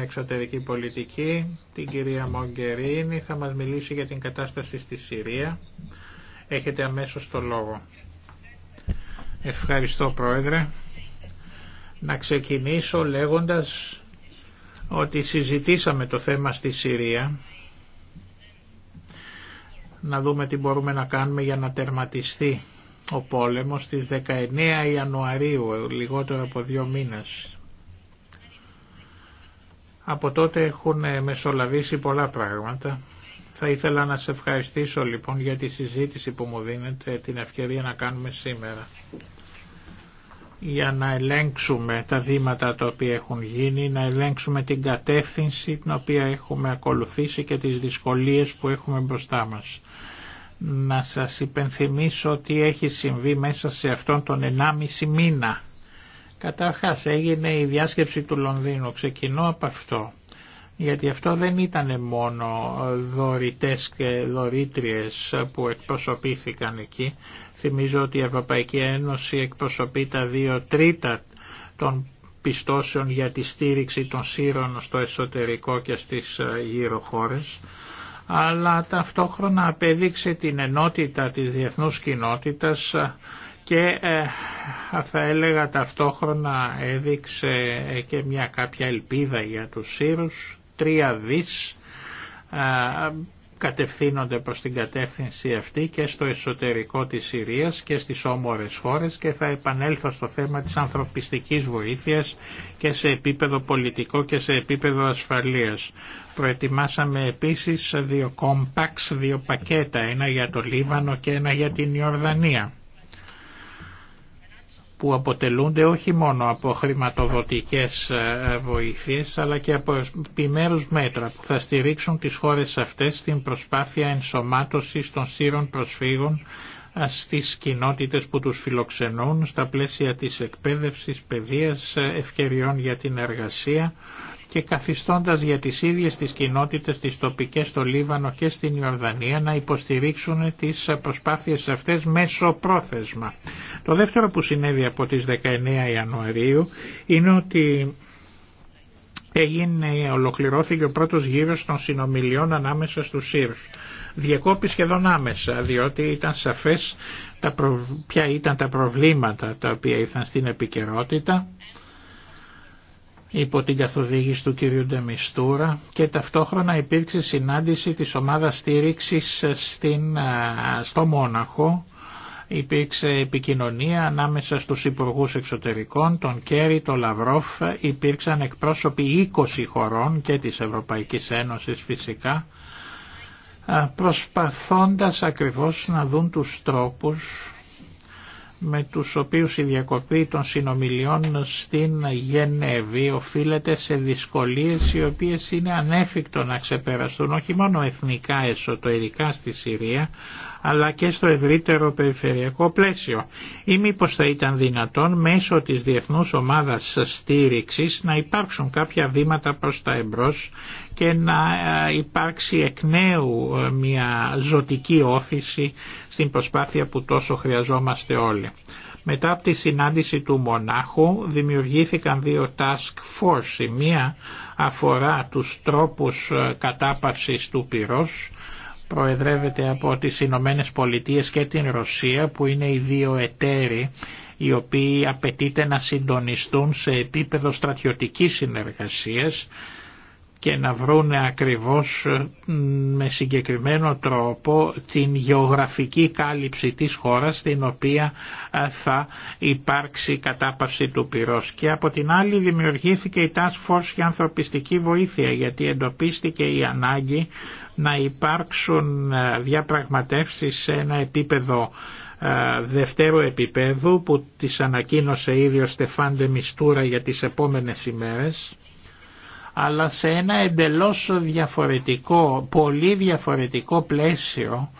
εξωτερική πολιτική, την κυρία Μογκερίνη, θα μας μιλήσει για την κατάσταση στη Συρία. Έχετε αμέσως το λόγο. Ευχαριστώ Πρόεδρε. Να ξεκινήσω λέγοντας ότι συζητήσαμε το θέμα στη Συρία. Να δούμε τι μπορούμε να κάνουμε για να τερματιστεί ο πόλεμος στις 19 Ιανουαρίου, λιγότερο από δύο μήνες από τότε έχουν μεσολαβήσει πολλά πράγματα. Θα ήθελα να σε ευχαριστήσω λοιπόν για τη συζήτηση που μου δίνετε την ευκαιρία να κάνουμε σήμερα για να ελέγξουμε τα βήματα τα οποία έχουν γίνει, να ελέγξουμε την κατεύθυνση την οποία έχουμε ακολουθήσει και τις δυσκολίες που έχουμε μπροστά μας. Να σας υπενθυμίσω ότι έχει συμβεί μέσα σε αυτόν τον 1,5 μήνα Καταρχάς έγινε η διάσκεψη του Λονδίνου, ξεκινώ από αυτό, γιατί αυτό δεν ήταν μόνο δωρητές και δωρήτριες που εκπροσωπήθηκαν εκεί. Θυμίζω ότι η Ευρωπαϊκή Ένωση εκπροσωπεί τα δύο τρίτα των πιστώσεων για τη στήριξη των σύρων στο εσωτερικό και στις ε, γύρω χώρες αλλά ταυτόχρονα απέδειξε την ενότητα τη διεθνούς κοινότητας και ε, θα έλεγα ταυτόχρονα έδειξε ε, και μια κάποια ελπίδα για τους Σύρους, τρία δις ε, κατευθύνονται προς την κατεύθυνση αυτή και στο εσωτερικό της Συρίας και στις όμορες χώρες και θα επανέλθω στο θέμα της ανθρωπιστικής βοήθειας και σε επίπεδο πολιτικό και σε επίπεδο ασφαλείας. Προετοιμάσαμε επίσης δύο κόμπαξ, δύο πακέτα, ένα για το Λίβανο και ένα για την Ιορδανία που αποτελούνται όχι μόνο από χρηματοδοτικές ε, ε, βοήθειες αλλά και από επιμέρους μέτρα που θα στηρίξουν τις χώρες αυτές στην προσπάθεια ενσωμάτωσης των σύρων προσφύγων ε, στις κοινότητες που τους φιλοξενούν στα πλαίσια της εκπαίδευσης, παιδείας, ευκαιριών για την εργασία και καθιστώντας για τις ίδιες τις κοινότητες τις τοπικές στο Λίβανο και στην Ιορδανία να υποστηρίξουν τις προσπάθειες αυτές μέσω πρόθεσμα. Το δεύτερο που συνέβη από τις 19 Ιανουαρίου είναι ότι έγινε, ολοκληρώθηκε ο πρώτος γύρος των συνομιλιών ανάμεσα στους Σύρους. Διακόπη σχεδόν άμεσα, διότι ήταν σαφές τα ποια ήταν τα προβλήματα τα οποία ήρθαν στην επικαιρότητα υπό την καθοδήγηση του κ. Ντεμιστούρα και ταυτόχρονα υπήρξε συνάντηση της ομάδας στήριξης στην, στο Μόναχο υπήρξε επικοινωνία ανάμεσα στους υπουργούς εξωτερικών, τον Κέρι, τον Λαυρόφ, υπήρξαν εκπρόσωποι 20 χωρών και της Ευρωπαϊκής Ένωσης φυσικά, προσπαθώντας ακριβώς να δουν τους τρόπους με τους οποίους η διακοπή των συνομιλιών στην Γενέβη οφείλεται σε δυσκολίες οι οποίες είναι ανέφικτο να ξεπεραστούν όχι μόνο εθνικά εσωτερικά στη Συρία αλλά και στο ευρύτερο περιφερειακό πλαίσιο ή μήπω θα ήταν δυνατόν μέσω της Διεθνούς Ομάδας Στήριξης να υπάρξουν κάποια βήματα προς τα εμπρός και να ε, υπάρξει εκ νέου ε, μια ζωτική όθηση στην προσπάθεια που τόσο χρειαζόμαστε όλοι. Μετά από τη συνάντηση του Μονάχου δημιουργήθηκαν δύο task force. Η μία αφορά τους τρόπους ε, κατάπαυσης του πυρός, προεδρεύεται από τις Ηνωμένε Πολιτείε και την Ρωσία που είναι οι δύο εταίροι οι οποίοι απαιτείται να συντονιστούν σε επίπεδο στρατιωτικής συνεργασίας και να βρούνε ακριβώς ε, με συγκεκριμένο τρόπο την γεωγραφική κάλυψη της χώρας στην οποία ε, θα υπάρξει κατάπαυση του πυρός. Και από την άλλη δημιουργήθηκε η Task Force για ανθρωπιστική βοήθεια γιατί εντοπίστηκε η ανάγκη να υπάρξουν ε, διαπραγματεύσεις σε ένα επίπεδο δευτέρου επίπεδου που τις ανακοίνωσε ίδιο ο Στεφάντε Μιστούρα για τις επόμενες ημέρες αλλά σε ένα εντελώς διαφορετικό, πολύ διαφορετικό πλαίσιο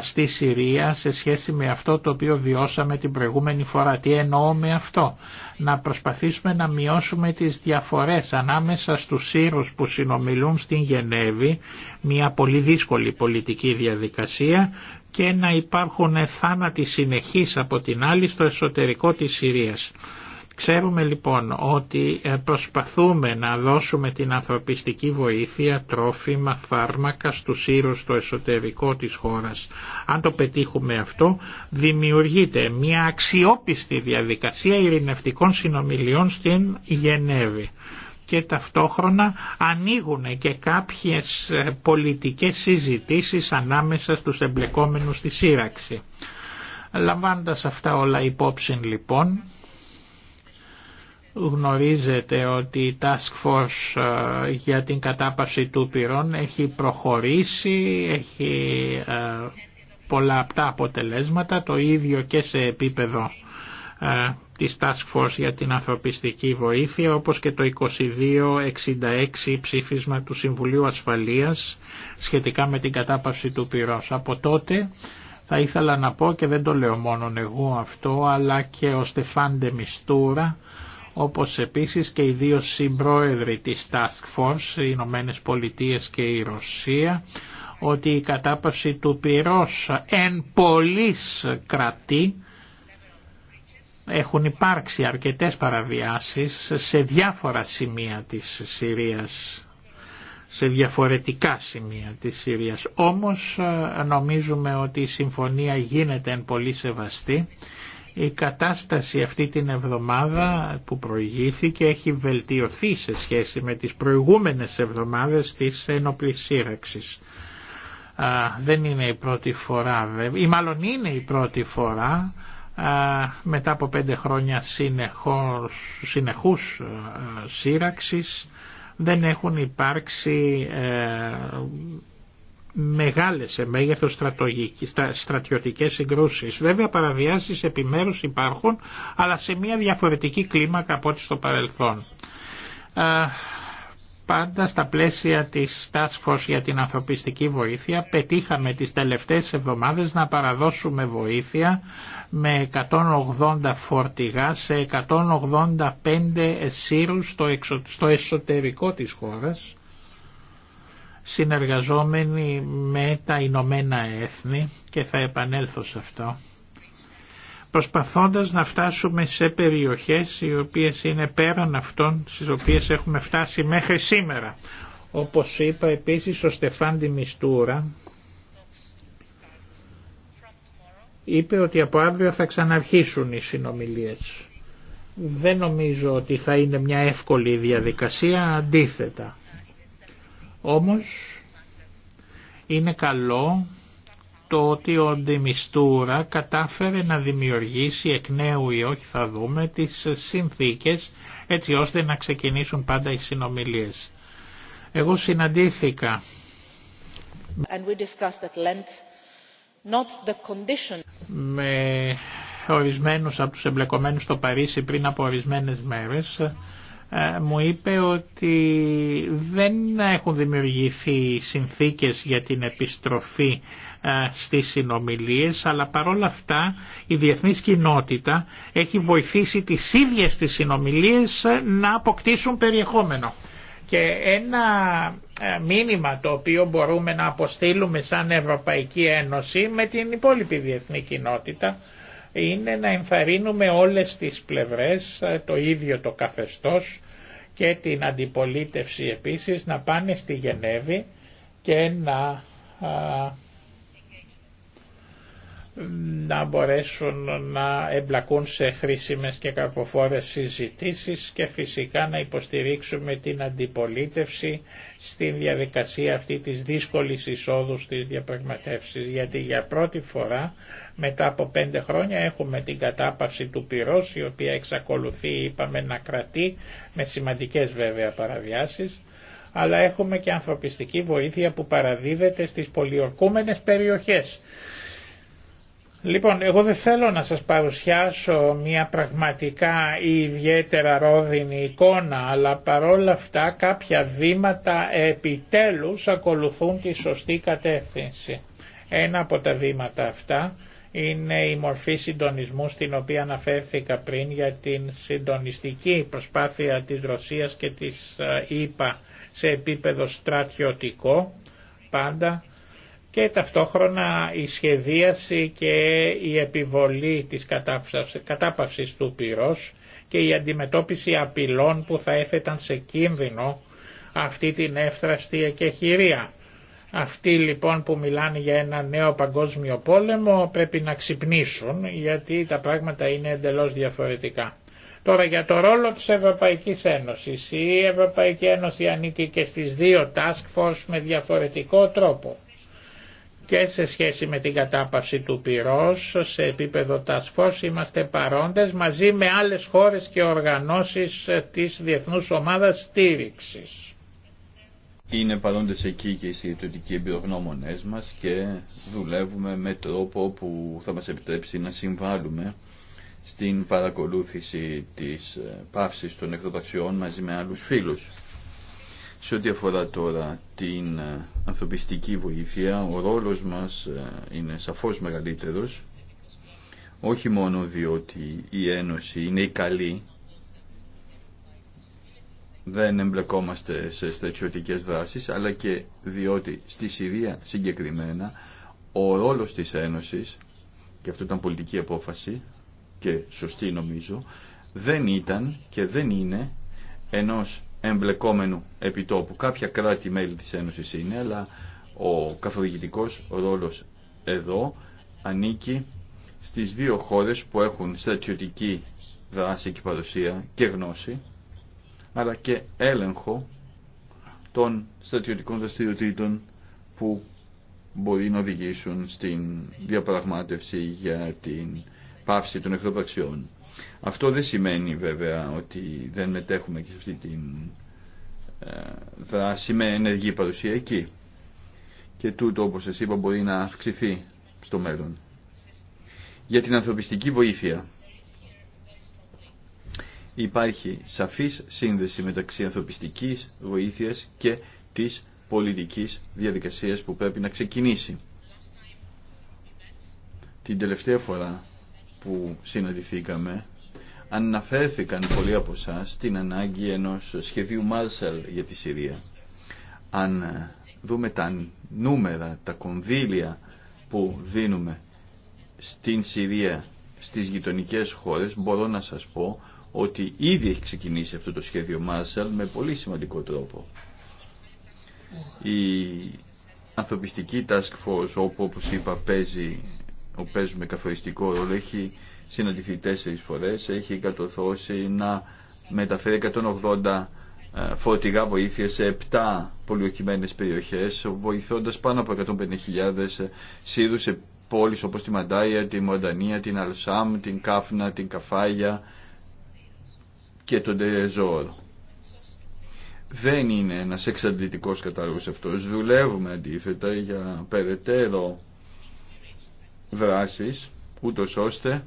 στη Συρία σε σχέση με αυτό το οποίο βιώσαμε την προηγούμενη φορά. Τι εννοώ με αυτό. Να προσπαθήσουμε να μειώσουμε τις διαφορές ανάμεσα στους Σύρους που συνομιλούν στην Γενέβη, μια πολύ δύσκολη πολιτική διαδικασία και να υπάρχουν θάνατοι συνεχείς από την άλλη στο εσωτερικό της Συρίας. Ξέρουμε λοιπόν ότι ε, προσπαθούμε να δώσουμε την ανθρωπιστική βοήθεια, τρόφιμα, φάρμακα στους ήρους στο εσωτερικό της χώρας. Αν το πετύχουμε αυτό δημιουργείται μια αξιόπιστη διαδικασία ειρηνευτικών συνομιλιών στην Γενέβη και ταυτόχρονα ανοίγουν και κάποιες ε, πολιτικές συζητήσεις ανάμεσα στους εμπλεκόμενους στη σύραξη. Λαμβάνοντας αυτά όλα υπόψη λοιπόν, Γνωρίζετε ότι η Task Force ε, για την κατάπαυση του πυρών έχει προχωρήσει, έχει ε, πολλά απτά αποτελέσματα, το ίδιο και σε επίπεδο ε, της Task Force για την ανθρωπιστική βοήθεια όπως και το 2266 ψήφισμα του Συμβουλίου Ασφαλείας σχετικά με την κατάπαυση του πυρός. Από τότε θα ήθελα να πω και δεν το λέω μόνον εγώ αυτό αλλά και ο Στεφάντε Μιστούρα όπως επίσης και οι δύο συμπρόεδροι της Task Force, οι Ηνωμένε Πολιτείε και η Ρωσία, ότι η κατάπαυση του πυρός εν πολλής κρατή έχουν υπάρξει αρκετές παραβιάσεις σε διάφορα σημεία της Συρίας σε διαφορετικά σημεία της Συρίας. Όμως ε, νομίζουμε ότι η συμφωνία γίνεται εν πολύ σεβαστή η κατάσταση αυτή την εβδομάδα που προηγήθηκε έχει βελτιωθεί σε σχέση με τις προηγούμενες εβδομάδες της ενόπλης σύραξης. δεν είναι η πρώτη φορά βέβαια, ή η πρώτη φορά μετά από πέντε χρόνια συνεχώς, συνεχούς σύραξης δεν έχουν υπάρξει ε, μεγάλες σε μέγεθος στρατιωτικές συγκρούσεις. Βέβαια παραβιάσεις επιμέρους υπάρχουν, αλλά σε μια διαφορετική κλίμακα από ό,τι στο παρελθόν. Πάντα στα πλαίσια της Task για την ανθρωπιστική βοήθεια πετύχαμε τις τελευταίες εβδομάδες να παραδώσουμε βοήθεια με 180 φορτηγά σε 185 σύρους στο εσωτερικό της χώρας συνεργαζόμενοι με τα Ηνωμένα Έθνη και θα επανέλθω σε αυτό προσπαθώντας να φτάσουμε σε περιοχές οι οποίες είναι πέραν αυτών στις οποίες έχουμε φτάσει μέχρι σήμερα. Όπως είπα επίσης ο Στεφάντη Μιστούρα είπε ότι από αύριο θα ξαναρχίσουν οι συνομιλίες. Δεν νομίζω ότι θα είναι μια εύκολη διαδικασία, αντίθετα. Όμως είναι καλό το ότι ο Ντιμιστούρα κατάφερε να δημιουργήσει εκ νέου ή όχι θα δούμε τις συνθήκες έτσι ώστε να ξεκινήσουν πάντα οι συνομιλίες. Εγώ συναντήθηκα με ορισμένους από τους εμπλεκομένους στο Παρίσι πριν από ορισμένες μέρες ε, μου είπε ότι δεν έχουν δημιουργηθεί συνθήκες για την επιστροφή ε, στις συνομιλίες αλλά παρόλα αυτά η διεθνής κοινότητα έχει βοηθήσει τις ίδιες τις συνομιλίες ε, να αποκτήσουν περιεχόμενο. Και ένα μήνυμα το οποίο μπορούμε να αποστείλουμε σαν Ευρωπαϊκή Ένωση με την υπόλοιπη διεθνή κοινότητα είναι να ενθαρρύνουμε όλες τις πλευρές το ίδιο το καθεστώς και την αντιπολίτευση επίσης να πάνε στη Γενέβη και να, να μπορέσουν να εμπλακούν σε χρήσιμες και κακοφόρες συζητήσεις και φυσικά να υποστηρίξουμε την αντιπολίτευση στην διαδικασία αυτή της δύσκολης εισόδου στις διαπραγματεύσεις γιατί για πρώτη φορά μετά από πέντε χρόνια έχουμε την κατάπαυση του πυρός η οποία εξακολουθεί είπαμε να κρατεί με σημαντικές βέβαια παραβιάσεις αλλά έχουμε και ανθρωπιστική βοήθεια που παραδίδεται στις πολιορκούμενες περιοχές Λοιπόν, εγώ δεν θέλω να σας παρουσιάσω μια πραγματικά ή ιδιαίτερα ρόδινη εικόνα, αλλά παρόλα αυτά κάποια βήματα επιτέλους ακολουθούν τη σωστή κατεύθυνση. Ένα από τα βήματα αυτά είναι η μορφή συντονισμού στην οποία αναφέρθηκα πριν για την συντονιστική προσπάθεια της Ρωσίας και της ΙΠΑ ε, σε επίπεδο στρατιωτικό πάντα και ταυτόχρονα η σχεδίαση και η επιβολή της κατάπαυσης του πυρός και η αντιμετώπιση απειλών που θα έφεταν σε κίνδυνο αυτή την εύθραστη εκεχηρία. Αυτοί λοιπόν που μιλάνε για ένα νέο παγκόσμιο πόλεμο πρέπει να ξυπνήσουν γιατί τα πράγματα είναι εντελώς διαφορετικά. Τώρα για το ρόλο της Ευρωπαϊκής Ένωσης. Η Ευρωπαϊκή Ένωση ανήκει και στις δύο task force με διαφορετικό τρόπο και σε σχέση με την κατάπαυση του πυρός σε επίπεδο τασφός είμαστε παρόντες μαζί με άλλες χώρες και οργανώσεις της Διεθνούς Ομάδας Στήριξης. Είναι παρόντες εκεί και οι συγκεκριτικοί εμπειρογνώμονές μας και δουλεύουμε με τρόπο που θα μας επιτρέψει να συμβάλλουμε στην παρακολούθηση της παύσης των εκδοτασιών μαζί με άλλους φίλους. Σε ό,τι αφορά τώρα την ε, ανθρωπιστική βοήθεια, ο ρόλος μας ε, είναι σαφώς μεγαλύτερος, όχι μόνο διότι η Ένωση είναι η καλή, δεν εμπλεκόμαστε σε στρατιωτικές δράσεις, αλλά και διότι στη Συρία συγκεκριμένα ο ρόλος της Ένωσης, και αυτό ήταν πολιτική απόφαση και σωστή νομίζω, δεν ήταν και δεν είναι ενός εμπλεκόμενου επιτόπου. Κάποια κράτη μέλη της Ένωσης είναι, αλλά ο καθοδηγητικός ρόλος εδώ ανήκει στις δύο χώρες που έχουν στρατιωτική δράση και παρουσία και γνώση, αλλά και έλεγχο των στρατιωτικών δραστηριοτήτων που μπορεί να οδηγήσουν στην διαπραγμάτευση για την πάυση των εχθροπραξιών. Αυτό δεν σημαίνει βέβαια ότι δεν μετέχουμε και σε αυτή τη ε, δράση με ενεργή παρουσία εκεί. Και τούτο όπως σας είπα μπορεί να αυξηθεί στο μέλλον. Για την ανθρωπιστική βοήθεια υπάρχει σαφής σύνδεση μεταξύ ανθρωπιστικής βοήθειας και της πολιτικής διαδικασίας που πρέπει να ξεκινήσει. Την τελευταία φορά που συναντηθήκαμε αναφέρθηκαν πολλοί από εσά στην ανάγκη ενός σχεδίου Μάρσαλ για τη Συρία. Αν δούμε τα νούμερα, τα κονδύλια που δίνουμε στην Συρία, στις γειτονικές χώρες, μπορώ να σας πω ότι ήδη έχει ξεκινήσει αυτό το σχέδιο Μάρσαλ με πολύ σημαντικό τρόπο. Η ανθρωπιστική task force όπου όπως είπα παίζει που παίζουμε καθοριστικό ρόλο έχει συναντηθεί τέσσερις φορές, έχει κατορθώσει να μεταφέρει 180 ε, φορτηγά βοήθεια σε 7 πολιοκυμένες περιοχές, βοηθώντας πάνω από 150.000 ε, σύρου σε πόλεις όπω τη Μαντάια, τη Μοντανία, την Αλσάμ, την Κάφνα, την Καφάγια και τον Τερεζόρ. Δεν είναι ένας εξαντλητικός κατάλογος αυτός. Δουλεύουμε αντίθετα για περαιτέρω δράσεις, ούτως ώστε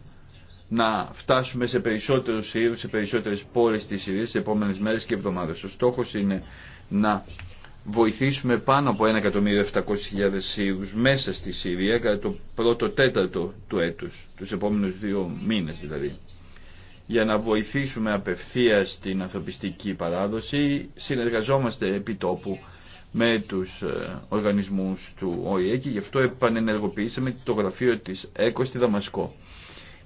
να φτάσουμε σε περισσότερους Σύρους, σε περισσότερες πόλεις της Συρίας σε επόμενες μέρες και εβδομάδες. Ο στόχος είναι να βοηθήσουμε πάνω από 1.700.000 Σύρους μέσα στη Συρία κατά το πρώτο τέταρτο του έτους, τους επόμενους δύο μήνες δηλαδή. Για να βοηθήσουμε απευθείας την ανθρωπιστική παράδοση συνεργαζόμαστε επί τόπου με τους ε, οργανισμούς του ΟΗΕ και γι' αυτό επανενεργοποιήσαμε το γραφείο της ΕΚΟ στη Δαμασκό.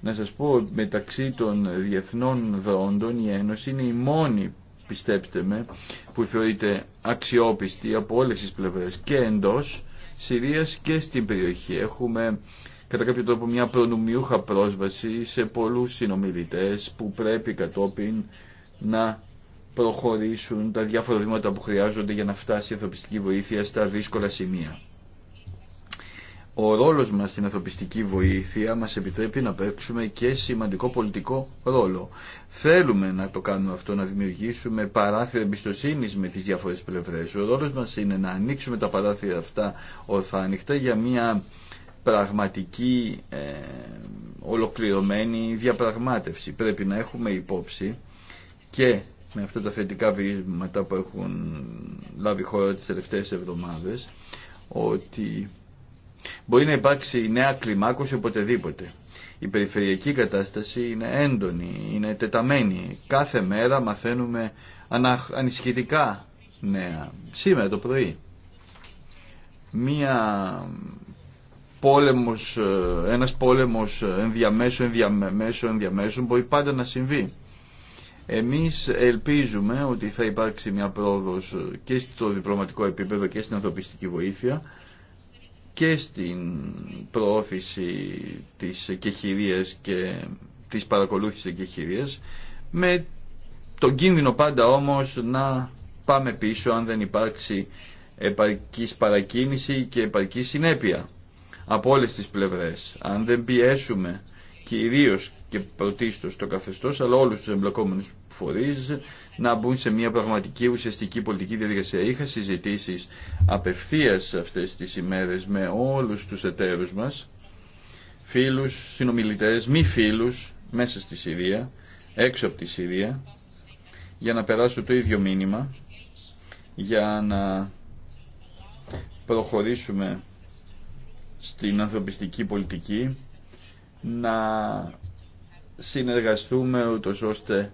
Να σας πω, μεταξύ των διεθνών δρόντων η Ένωση είναι η μόνη, πιστέψτε με, που θεωρείται αξιόπιστη από όλες τις πλευρές και εντός Συρίας και στην περιοχή. Έχουμε κατά κάποιο τρόπο μια προνομιούχα πρόσβαση σε πολλούς συνομιλητές που πρέπει κατόπιν να προχωρήσουν τα διάφορα βήματα που χρειάζονται για να φτάσει η ανθρωπιστική βοήθεια στα δύσκολα σημεία. Ο ρόλος μας στην ανθρωπιστική βοήθεια μας επιτρέπει να παίξουμε και σημαντικό πολιτικό ρόλο. Θέλουμε να το κάνουμε αυτό, να δημιουργήσουμε παράθυρα εμπιστοσύνη με τις διάφορες πλευρές. Ο ρόλος μας είναι να ανοίξουμε τα παράθυρα αυτά ορθάνυχτα για μια πραγματική, ε, ολοκληρωμένη διαπραγμάτευση. Πρέπει να έχουμε υπόψη και με αυτά τα θετικά βήματα που έχουν λάβει χώρα τις τελευταίες εβδομάδες ότι μπορεί να υπάρξει νέα κλιμάκωση οποτεδήποτε. Η περιφερειακή κατάσταση είναι έντονη, είναι τεταμένη. Κάθε μέρα μαθαίνουμε ανισχυτικά νέα. Σήμερα το πρωί μία πόλεμος, ε, ένας πόλεμος ενδιαμέσου, ενδιαμέσου, ενδιαμέσου μπορεί πάντα να συμβεί. Εμείς ελπίζουμε ότι θα υπάρξει μια πρόοδος και στο διπλωματικό επίπεδο και στην ανθρωπιστική βοήθεια και στην προώθηση της κεχηρίας και της παρακολούθησης της κεχηρίας με τον κίνδυνο πάντα όμως να πάμε πίσω αν δεν υπάρξει επαρκής παρακίνηση και επαρκή συνέπεια από όλες τις πλευρές. Αν δεν πιέσουμε Ιδίω και πρωτίστω το καθεστώς, αλλά όλους τους εμπλεκόμενου φορεί να μπουν σε μια πραγματική ουσιαστική πολιτική διαδικασία. Είχα συζητήσεις απευθεία αυτές τις ημέρες με όλους τους εταίρου μας, φίλους, συνομιλητέ, μη φίλους, μέσα στη Συρία, έξω από τη Συρία, για να περάσω το ίδιο μήνυμα, για να προχωρήσουμε στην ανθρωπιστική πολιτική να συνεργαστούμε ούτως ώστε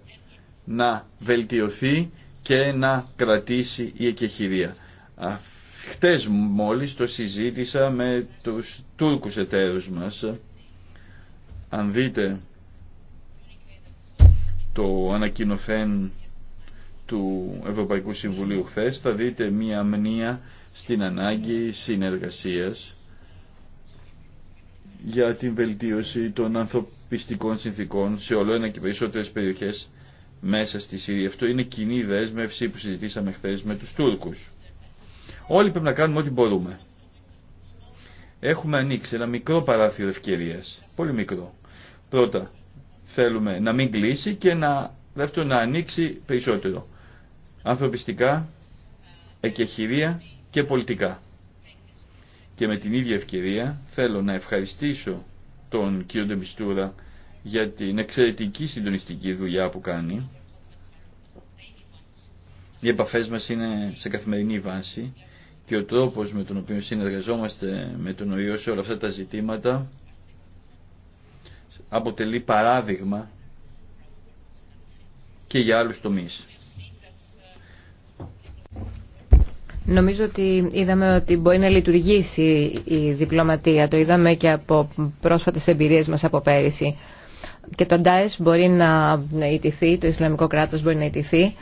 να βελτιωθεί και να κρατήσει η εκεχηρία. Χτες μόλις το συζήτησα με τους Τούρκους εταίρους μας. Αν δείτε το ανακοινοθέν του Ευρωπαϊκού Συμβουλίου χθες θα δείτε μία μνήα στην ανάγκη συνεργασίας για την βελτίωση των ανθρωπιστικών συνθήκων σε όλο ένα και περισσότερε περιοχέ μέσα στη Συρία. Αυτό είναι κοινή δέσμευση που συζητήσαμε χθε με του Τούρκου. Όλοι πρέπει να κάνουμε ό,τι μπορούμε. Έχουμε ανοίξει ένα μικρό παράθυρο ευκαιρία. Πολύ μικρό. Πρώτα, θέλουμε να μην κλείσει και να, δεύτερο, να ανοίξει περισσότερο. Ανθρωπιστικά, εκεχηρία και πολιτικά. Και με την ίδια ευκαιρία θέλω να ευχαριστήσω τον κύριο Ντεμπιστούρα για την εξαιρετική συντονιστική δουλειά που κάνει. Οι επαφές μας είναι σε καθημερινή βάση και ο τρόπος με τον οποίο συνεργαζόμαστε με τον ΟΗΟ σε όλα αυτά τα ζητήματα αποτελεί παράδειγμα και για άλλους τομείς. Νομίζω ότι είδαμε ότι μπορεί να λειτουργήσει η διπλωματία. Το είδαμε και από πρόσφατες εμπειρίες μας από πέρυσι. Και το Ντάες μπορεί να ιτηθεί, το Ισλαμικό κράτος μπορεί να ιτηθεί.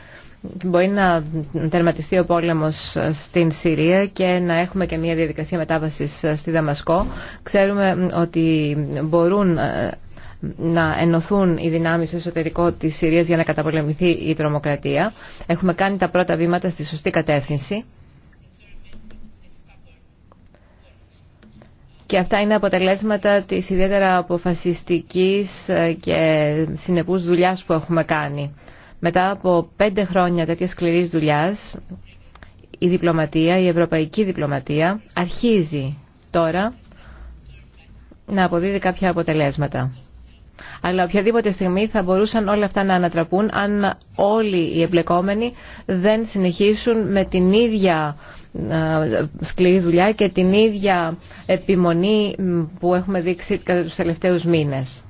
Μπορεί να τερματιστεί ο πόλεμος στην Συρία και να έχουμε και μια διαδικασία μετάβασης στη Δαμασκό. Ξέρουμε ότι μπορούν ε, να ενωθούν οι δυνάμεις στο εσωτερικό της Συρίας για να καταπολεμηθεί η τρομοκρατία. Έχουμε κάνει τα πρώτα βήματα στη σωστή κατεύθυνση. Και αυτά είναι αποτελέσματα της ιδιαίτερα αποφασιστικής ε, και συνεπούς δουλειάς που έχουμε κάνει. Μετά από πέντε χρόνια τέτοια σκληρής δουλειάς, η διπλωματία, η ευρωπαϊκή διπλωματία, αρχίζει τώρα να αποδίδει κάποια αποτελέσματα. Αλλά οποιαδήποτε στιγμή θα μπορούσαν όλα αυτά να ανατραπούν αν όλοι οι εμπλεκόμενοι δεν συνεχίσουν με την ίδια σκληρή δουλειά και την ίδια επιμονή που έχουμε δείξει κατά τους τελευταίους μήνες.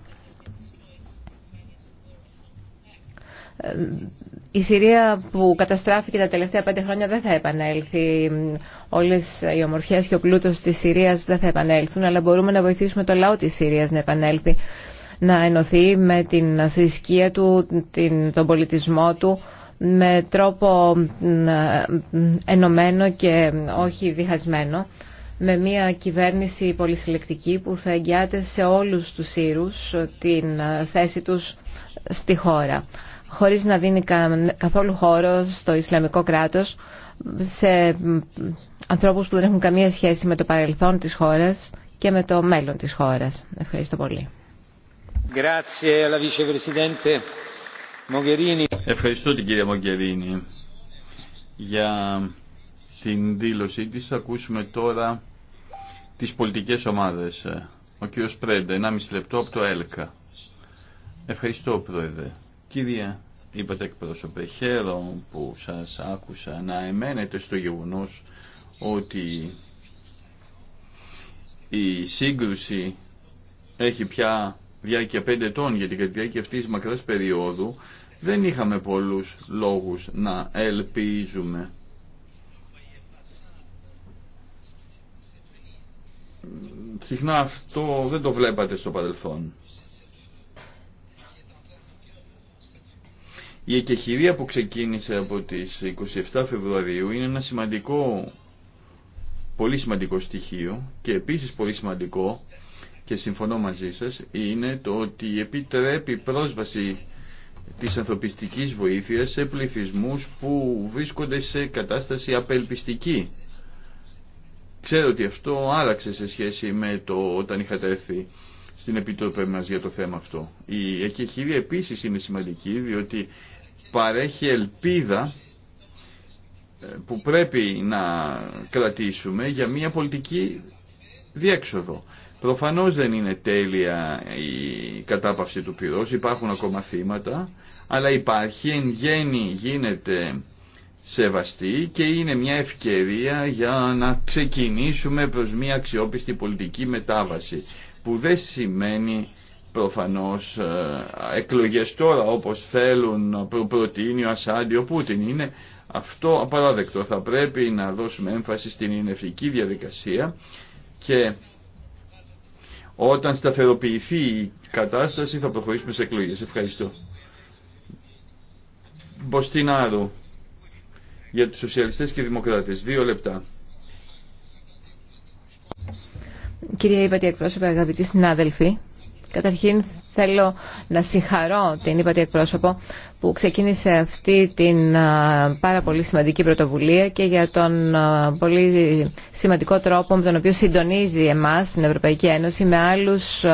Η Συρία που καταστράφηκε τα τελευταία πέντε χρόνια δεν θα επανέλθει. Όλες οι ομορφιές και ο πλούτος της Συρίας δεν θα επανέλθουν, αλλά μπορούμε να βοηθήσουμε το λαό της Συρίας να επανέλθει, να ενωθεί με την θρησκεία του, τον πολιτισμό του, με τρόπο ενωμένο και όχι διχασμένο με μια κυβέρνηση πολυσυλλεκτική που θα εγγυάται σε όλους τους ήρους την θέση τους στη χώρα χωρίς να δίνει καθόλου χώρο στο Ισλαμικό κράτος σε ανθρώπους που δεν έχουν καμία σχέση με το παρελθόν της χώρας και με το μέλλον της χώρας. Ευχαριστώ πολύ. Ευχαριστώ την κυρία Μογκερίνη για την δήλωσή της. Θα ακούσουμε τώρα τις πολιτικές ομάδες. Ο κύριος Πρέντα, 1,5 λεπτό από το ΕΛΚΑ. Ευχαριστώ πρόεδρε. Κυρία, είπατε εκπρόσωπε, χαίρομαι που σας άκουσα να εμένετε στο γεγονός ότι η σύγκρουση έχει πια διάρκεια πέντε ετών, γιατί κατά τη διάρκεια αυτής της μακράς περίοδου δεν είχαμε πολλούς λόγους να ελπίζουμε. Συχνά αυτό δεν το βλέπατε στο παρελθόν. Η εκεχηρία που ξεκίνησε από τις 27 Φεβρουαρίου είναι ένα σημαντικό, πολύ σημαντικό στοιχείο και επίσης πολύ σημαντικό και συμφωνώ μαζί σας είναι το ότι επιτρέπει πρόσβαση της ανθρωπιστικής βοήθειας σε πληθυσμούς που βρίσκονται σε κατάσταση απελπιστική. Ξέρω ότι αυτό άλλαξε σε σχέση με το όταν είχατε έρθει στην Επιτροπή μας για το θέμα αυτό. Η εκεχήρια επίσης είναι σημαντική διότι παρέχει ελπίδα ε, που πρέπει να κρατήσουμε για μια πολιτική διέξοδο. Προφανώς δεν είναι τέλεια η κατάπαυση του πυρός, υπάρχουν ακόμα θύματα, αλλά υπάρχει, εν γέννη γίνεται σεβαστή και είναι μια ευκαιρία για να ξεκινήσουμε προς μια αξιόπιστη πολιτική μετάβαση που δεν σημαίνει προφανώς ε, εκλογές τώρα όπως θέλουν προ προτείνει ο Ασάντι ο Πούτιν είναι αυτό απαράδεκτο θα πρέπει να δώσουμε έμφαση στην ενευτική διαδικασία και όταν σταθεροποιηθεί η κατάσταση θα προχωρήσουμε σε εκλογέ. Ευχαριστώ. Μποστινάρου για τους σοσιαλιστές και δημοκράτες. Δύο λεπτά. Κυρία Υπατή Εκπρόσωπε, αγαπητοί συνάδελφοι, καταρχήν Θέλω να συγχαρώ την είπατε εκπρόσωπο που ξεκίνησε αυτή την πάρα πολύ σημαντική πρωτοβουλία και για τον πολύ σημαντικό τρόπο με τον οποίο συντονίζει εμάς την Ευρωπαϊκή Ένωση με άλλους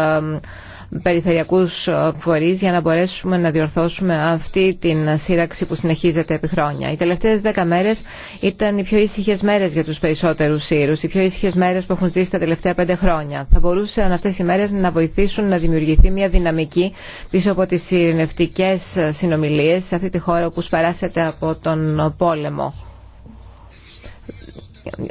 περιφερειακούς ε, φορείς για να μπορέσουμε να διορθώσουμε αυτή την σύραξη που συνεχίζεται επί χρόνια. Οι τελευταίες δέκα μέρες ήταν οι πιο ήσυχες μέρες για τους περισσότερους Σύρους, οι πιο ήσυχες μέρες που έχουν ζήσει τα τελευταία πέντε χρόνια. Θα μπορούσαν αυτές οι μέρες να βοηθήσουν να δημιουργηθεί μια δυναμική πίσω από τις ειρηνευτικές συνομιλίες σε αυτή τη χώρα που σπαράσεται από τον πόλεμο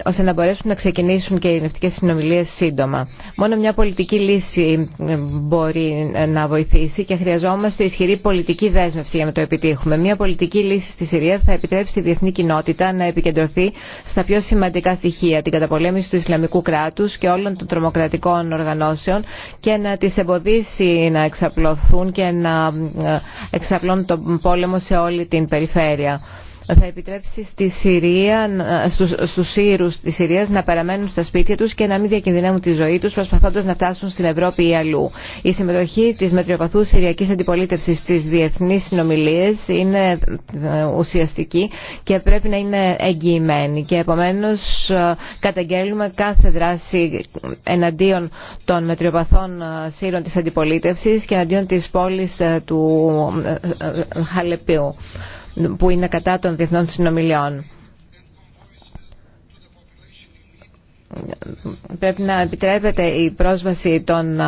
ώστε να μπορέσουν να ξεκινήσουν και οι ειρηνευτικέ συνομιλίε σύντομα. Μόνο μια πολιτική λύση ε, μπορεί ε, να βοηθήσει και χρειαζόμαστε ισχυρή πολιτική δέσμευση για να το επιτύχουμε. Μια πολιτική λύση στη Συρία θα επιτρέψει τη διεθνή κοινότητα να επικεντρωθεί στα πιο σημαντικά στοιχεία, την καταπολέμηση του Ισλαμικού κράτου και όλων των τρομοκρατικών οργανώσεων και να τι εμποδίσει να εξαπλωθούν και να ε, εξαπλώνουν τον πόλεμο σε όλη την περιφέρεια θα επιτρέψει στη Συρία, στους, στους Σύρους της Συρίας να παραμένουν στα σπίτια τους και να μην διακινδυνεύουν τη ζωή τους προσπαθώντας να φτάσουν στην Ευρώπη ή αλλού. Η συμμετοχή της μετριοπαθούς Συριακής Αντιπολίτευσης στις διεθνείς συνομιλίες είναι ε, ουσιαστική και πρέπει να είναι εγγυημένη και επομένως ε, καταγγέλουμε κάθε δράση εναντίον των μετριοπαθών ε, Σύρων της Αντιπολίτευσης και εναντίον της πόλης του Χαλεπίου που είναι κατά των διεθνών συνομιλιών. Πρέπει να επιτρέπεται η πρόσβαση των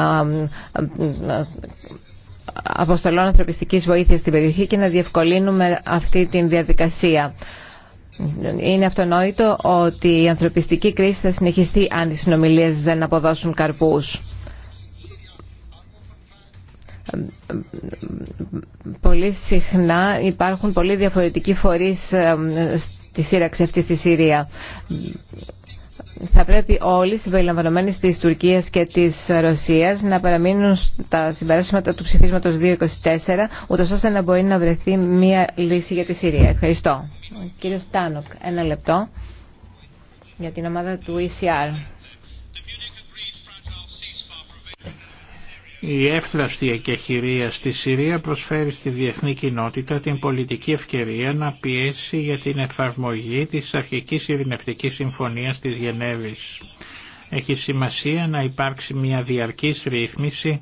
αποστολών ανθρωπιστικής βοήθειας στην περιοχή και να διευκολύνουμε αυτή τη διαδικασία. Είναι αυτονόητο ότι η ανθρωπιστική κρίση θα συνεχιστεί αν οι συνομιλίες δεν αποδώσουν καρπούς πολύ συχνά υπάρχουν πολύ διαφορετικοί φορείς ε, στη σύραξη αυτή στη Συρία. Θα πρέπει όλοι, συμπεριλαμβανομένοι τη Τουρκία και τη Ρωσία, να παραμείνουν στα συμπεράσματα του ψηφίσματο 224, ούτω ώστε να μπορεί να βρεθεί μία λύση για τη Συρία. Ευχαριστώ. Κύριο Τάνοκ, ένα λεπτό για την ομάδα του ECR. Η εύθραστη εκεχηρία στη Συρία προσφέρει στη διεθνή κοινότητα την πολιτική ευκαιρία να πιέσει για την εφαρμογή της αρχικής ειρηνευτικής συμφωνίας της Γενέβης. Έχει σημασία να υπάρξει μια διαρκής ρύθμιση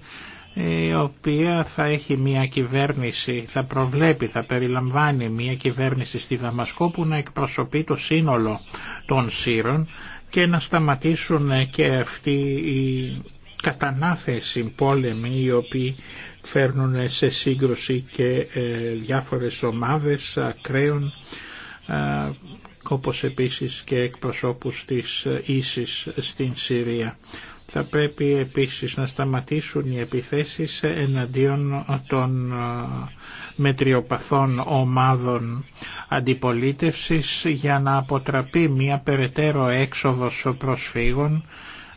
ε, η οποία θα έχει μια κυβέρνηση, θα προβλέπει, θα περιλαμβάνει μια κυβέρνηση στη Δαμασκό που να εκπροσωπεί το σύνολο των Σύρων και να σταματήσουν και αυτοί οι κατανάθεση πόλεμοι οι οποίοι φέρνουν σε σύγκρουση και ε, διάφορες ομάδες ακραίων ε, όπως επίσης και εκπροσώπους της Ίσης στην Συρία. Θα πρέπει επίσης να σταματήσουν οι επιθέσεις εναντίον των ε, μετριοπαθών ομάδων αντιπολίτευσης για να αποτραπεί μια περαιτέρω έξοδος προσφύγων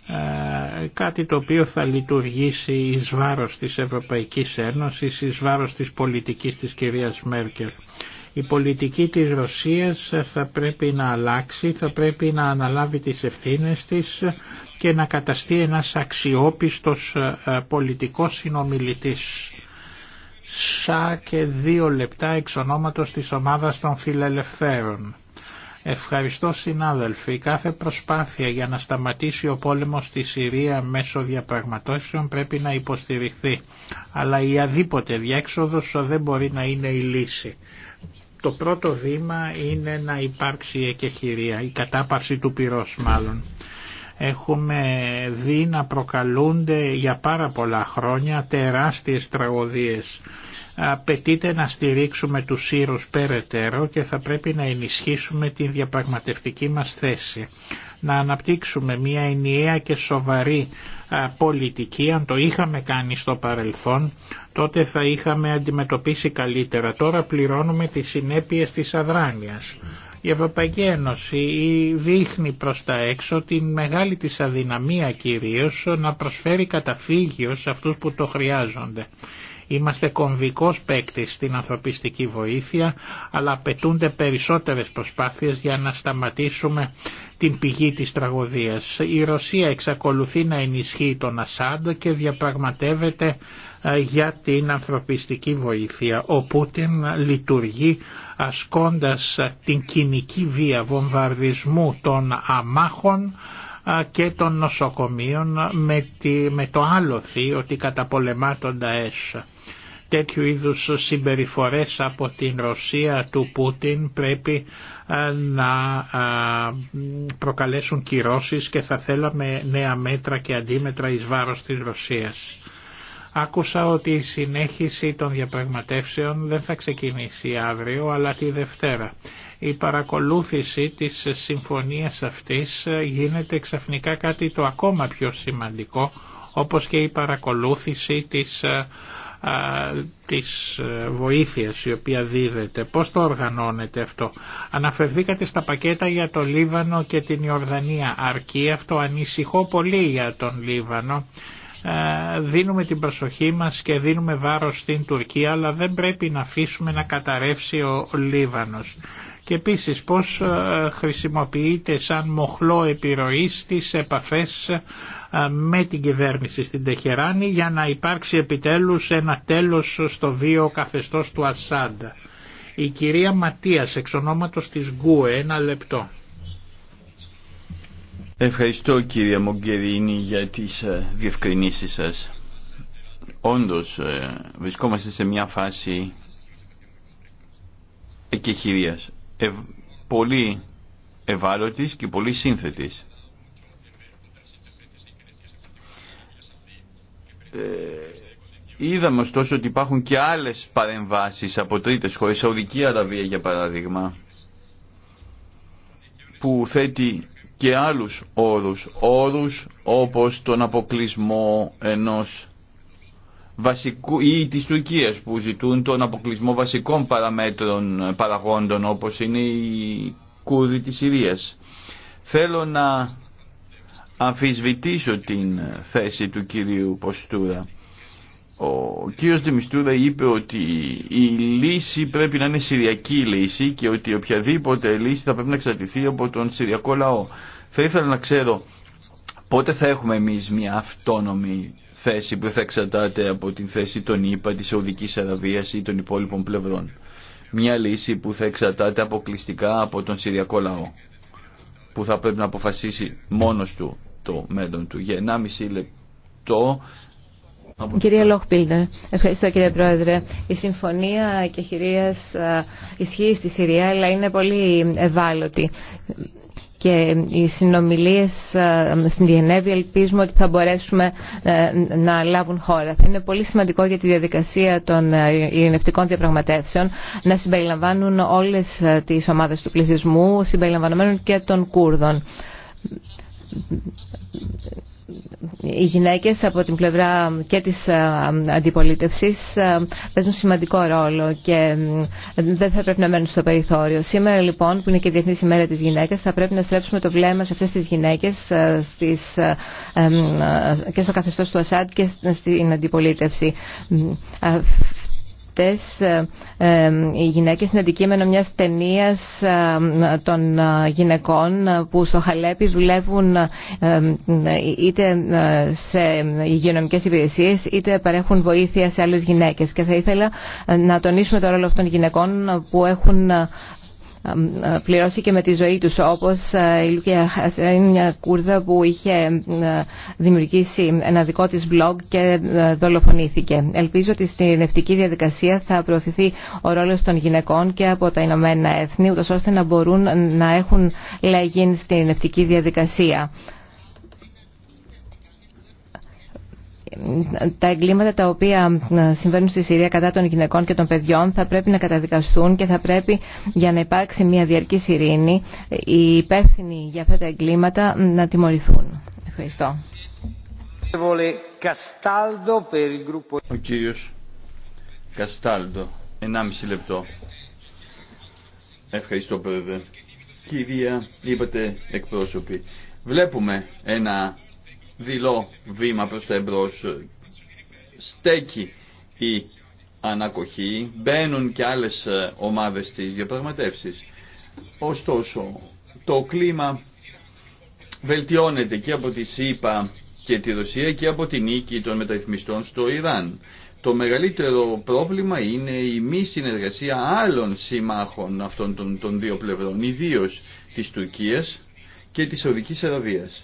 ε, κάτι το οποίο θα λειτουργήσει εις βάρος της Ευρωπαϊκής Ένωσης, εις βάρος της πολιτικής της κυρίας Μέρκελ. Η πολιτική της Ρωσίας θα πρέπει να αλλάξει, θα πρέπει να αναλάβει τις ευθύνες της και να καταστεί ένας αξιόπιστος ε, ε, πολιτικός συνομιλητής. Σα και δύο λεπτά εξ ονόματος της ομάδας των φιλελευθέρων. Ευχαριστώ συνάδελφοι. Κάθε προσπάθεια για να σταματήσει ο πόλεμος στη Συρία μέσω διαπραγματεύσεων πρέπει να υποστηριχθεί. Αλλά η αδίποτε διέξοδος δεν μπορεί να είναι η λύση. Το πρώτο βήμα είναι να υπάρξει η εκεχηρία, η κατάπαυση του πυρός μάλλον. Έχουμε δει να προκαλούνται για πάρα πολλά χρόνια τεράστιες τραγωδίες απαιτείται να στηρίξουμε τους Σύρους περαιτέρω και θα πρέπει να ενισχύσουμε την διαπραγματευτική μας θέση. Να αναπτύξουμε μια ενιαία και σοβαρή πολιτική, αν το είχαμε κάνει στο παρελθόν, τότε θα είχαμε αντιμετωπίσει καλύτερα. Τώρα πληρώνουμε τις συνέπειες της αδράνειας. Η Ευρωπαϊκή Ένωση δείχνει προς τα έξω την μεγάλη της αδυναμία κυρίως να προσφέρει καταφύγιο σε αυτούς που το χρειάζονται. Είμαστε κομβικός παίκτη στην ανθρωπιστική βοήθεια, αλλά απαιτούνται περισσότερες προσπάθειες για να σταματήσουμε την πηγή της τραγωδίας. Η Ρωσία εξακολουθεί να ενισχύει τον Ασάντ και διαπραγματεύεται ε, για την ανθρωπιστική βοήθεια. Ο Πούτιν λειτουργεί ασκώντας την κοινική βία βομβαρδισμού των αμάχων και των νοσοκομείων με, με το άλοθη ότι καταπολεμά τον Τέτοιου είδους συμπεριφορές από την Ρωσία του Πούτιν πρέπει να προκαλέσουν κυρώσεις και θα θέλαμε νέα μέτρα και αντίμετρα εις βάρος της Ρωσίας. Άκουσα ότι η συνέχιση των διαπραγματεύσεων δεν θα ξεκινήσει αύριο αλλά τη Δευτέρα η παρακολούθηση της συμφωνίας αυτής γίνεται ξαφνικά κάτι το ακόμα πιο σημαντικό όπως και η παρακολούθηση της, ε, ε, της ε, βοήθειας η οποία δίδεται. Πώς το οργανώνεται αυτό. Αναφερθήκατε στα πακέτα για το Λίβανο και την Ιορδανία. Αρκεί αυτό ανησυχώ πολύ για τον Λίβανο ε, δίνουμε την προσοχή μας και δίνουμε βάρος στην Τουρκία αλλά δεν πρέπει να αφήσουμε να καταρρεύσει ο Λίβανος. Και επίσης πώς ε, χρησιμοποιείται σαν μοχλό επιρροή στις επαφές ε, με την κυβέρνηση στην Τεχεράνη για να υπάρξει επιτέλους ένα τέλος στο βίο καθεστώς του Ασάντα. Η κυρία Ματίας εξ ονόματος της Γκουε, ένα λεπτό. Ευχαριστώ κύριε Μογκερίνη για τις ε, διευκρινήσεις σας. Όντως ε, βρισκόμαστε σε μια φάση εκεχηρίας. πολύ ευάλωτης και πολύ σύνθετης. Ε, είδαμε ωστόσο ότι υπάρχουν και άλλες παρεμβάσεις από τρίτες χώρες, Σαουδική Αραβία για παράδειγμα, που θέτει και άλλους όρους, όρους όπως τον αποκλεισμό ενός βασικού ή της Τουρκίας που ζητούν τον αποκλεισμό βασικών παραμέτρων παραγόντων όπως είναι οι Κούρδοι της Συρίας. Θέλω να αμφισβητήσω την θέση του κυρίου Ποστούρα ο κύριος Δημιστούδα είπε ότι η λύση πρέπει να είναι συριακή λύση και ότι οποιαδήποτε λύση θα πρέπει να εξαρτηθεί από τον συριακό λαό. Θα ήθελα να ξέρω πότε θα έχουμε εμείς μια αυτόνομη θέση που θα εξαρτάται από την θέση των ΗΠΑ, της Σαουδικής Αραβίας ή των υπόλοιπων πλευρών. Μια λύση που θα εξαρτάται αποκλειστικά από τον Συριακό λαό, που θα πρέπει να αποφασίσει μόνος του το μέλλον του. Για 1,5 λεπτό Κυρία Λόχπιλντερ, ευχαριστώ κύριε Πρόεδρε. Η συμφωνία και χειρίας ισχύει στη Συρία, αλλά είναι πολύ ευάλωτη και οι συνομιλίες στην Διενέβη ελπίζουμε ότι θα μπορέσουμε ε, να λάβουν χώρα. είναι πολύ σημαντικό για τη διαδικασία των ε, ειρηνευτικών διαπραγματεύσεων να συμπεριλαμβάνουν όλες ε, τις ομάδες του πληθυσμού, συμπεριλαμβανομένων και των Κούρδων οι γυναίκες από την πλευρά και της ε, αντιπολίτευσης ε, παίζουν σημαντικό ρόλο και ε, δεν θα πρέπει να μένουν στο περιθώριο. Σήμερα λοιπόν που είναι και η Διεθνής ημέρα της γυναίκας θα πρέπει να στρέψουμε το βλέμμα σε αυτές τις γυναίκες στις, και στο καθεστώς του Ασάντ και στην αντιπολίτευση αυτές ε, ε, οι γυναίκες είναι αντικείμενο μιας ταινία ε, των γυναικών που στο Χαλέπι δουλεύουν είτε σε υγειονομικές υπηρεσίες είτε παρέχουν βοήθεια σε άλλες γυναίκες και θα ήθελα να τονίσουμε το ρόλο αυτών των γυναικών που έχουν ε, πληρώσει και με τη ζωή τους όπως ε, η Λουκία Χασέρα είναι μια Κούρδα που είχε ε, δημιουργήσει ένα δικό της blog και δολοφονήθηκε. Ελπίζω ότι στην ενευτική διαδικασία θα προωθηθεί ο ρόλος των γυναικών και από τα Ηνωμένα Έθνη ούτως ώστε να μπορούν να έχουν λέγην στην ενευτική διαδικασία. τα εγκλήματα τα οποία ε, συμβαίνουν στη Συρία κατά των γυναικών και των παιδιών θα πρέπει να καταδικαστούν και θα πρέπει για να υπάρξει μια διαρκή ειρήνη οι υπεύθυνοι για αυτά τα εγκλήματα να τιμωρηθούν. Ευχαριστώ. Ο κύριος Καστάλντο, 1,5 λεπτό. Ευχαριστώ, Πρόεδρε. Κυρία, είπατε εκπρόσωποι. Βλέπουμε ένα δηλώ βήμα προς τα εμπρός. Στέκει η ανακοχή, μπαίνουν και άλλες ε, ομάδες της διαπραγματεύσεις. Ωστόσο, το κλίμα βελτιώνεται και από τη ΣΥΠΑ και τη Ρωσία και από τη νίκη των μεταρρυθμιστών στο Ιράν. Το μεγαλύτερο πρόβλημα είναι η μη συνεργασία άλλων συμμάχων αυτών των, δύο πλευρών, ιδίω της Τουρκίας και της Οδικής Αραβίας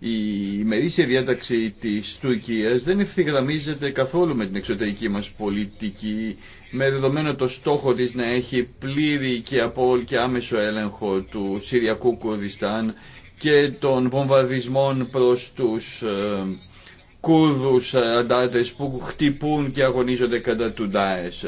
η ημερήσια διάταξη της Τουρκίας δεν ευθυγραμμίζεται καθόλου με την εξωτερική μας πολιτική με δεδομένο το στόχο της να έχει πλήρη και από και άμεσο έλεγχο του Συριακού Κουρδιστάν και των βομβαρδισμών προς τους ε, Κούρδους που χτυπούν και αγωνίζονται κατά του Ντάες.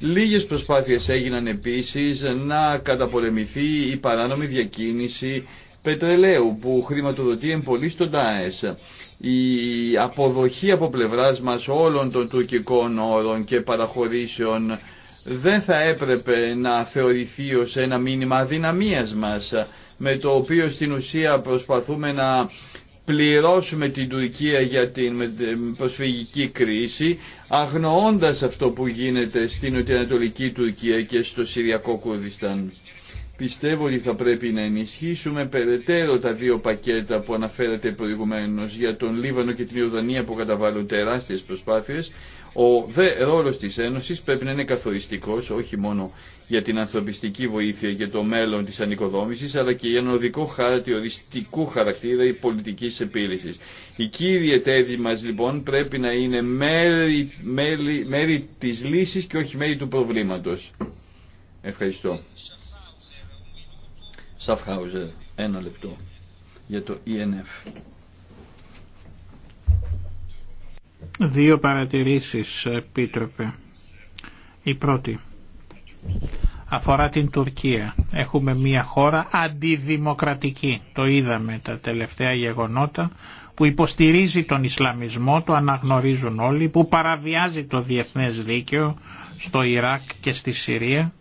Λίγες προσπάθειες έγιναν επίσης να καταπολεμηθεί η παράνομη διακίνηση πετρελαίου που χρηματοδοτεί εμπολή στον ΤΑΕΣ. Η αποδοχή από πλευράς μας όλων των τουρκικών όρων και παραχωρήσεων δεν θα έπρεπε να θεωρηθεί ως ένα μήνυμα αδυναμίας μας με το οποίο στην ουσία προσπαθούμε να πληρώσουμε την Τουρκία για την προσφυγική κρίση αγνοώντας αυτό που γίνεται στην νοτιοανατολική Τουρκία και στο Συριακό Κουρδιστάν. Πιστεύω ότι θα πρέπει να ενισχύσουμε περαιτέρω τα δύο πακέτα που αναφέρατε προηγουμένω για τον Λίβανο και την Ιορδανία που καταβάλουν τεράστιε προσπάθειε. Ο δε ρόλο τη Ένωση πρέπει να είναι καθοριστικό όχι μόνο για την ανθρωπιστική βοήθεια και το μέλλον τη ανοικοδόμηση, αλλά και για ένα οδικό χάρτη οριστικού χαρακτήρα η πολιτική επίλυση. Η κύριε τέτοι μα λοιπόν πρέπει να είναι μέρη, μέρη, μέρη τη λύση και όχι μέρη του προβλήματο. Ευχαριστώ. Σαφχάουζερ, ένα λεπτό για το ENF. Δύο παρατηρήσεις, Επίτροπε. Η πρώτη αφορά την Τουρκία. Έχουμε μια χώρα αντιδημοκρατική, το είδαμε τα τελευταία γεγονότα, που υποστηρίζει τον Ισλαμισμό, το αναγνωρίζουν όλοι, που παραβιάζει το διεθνές δίκαιο στο Ιράκ και στη Συρία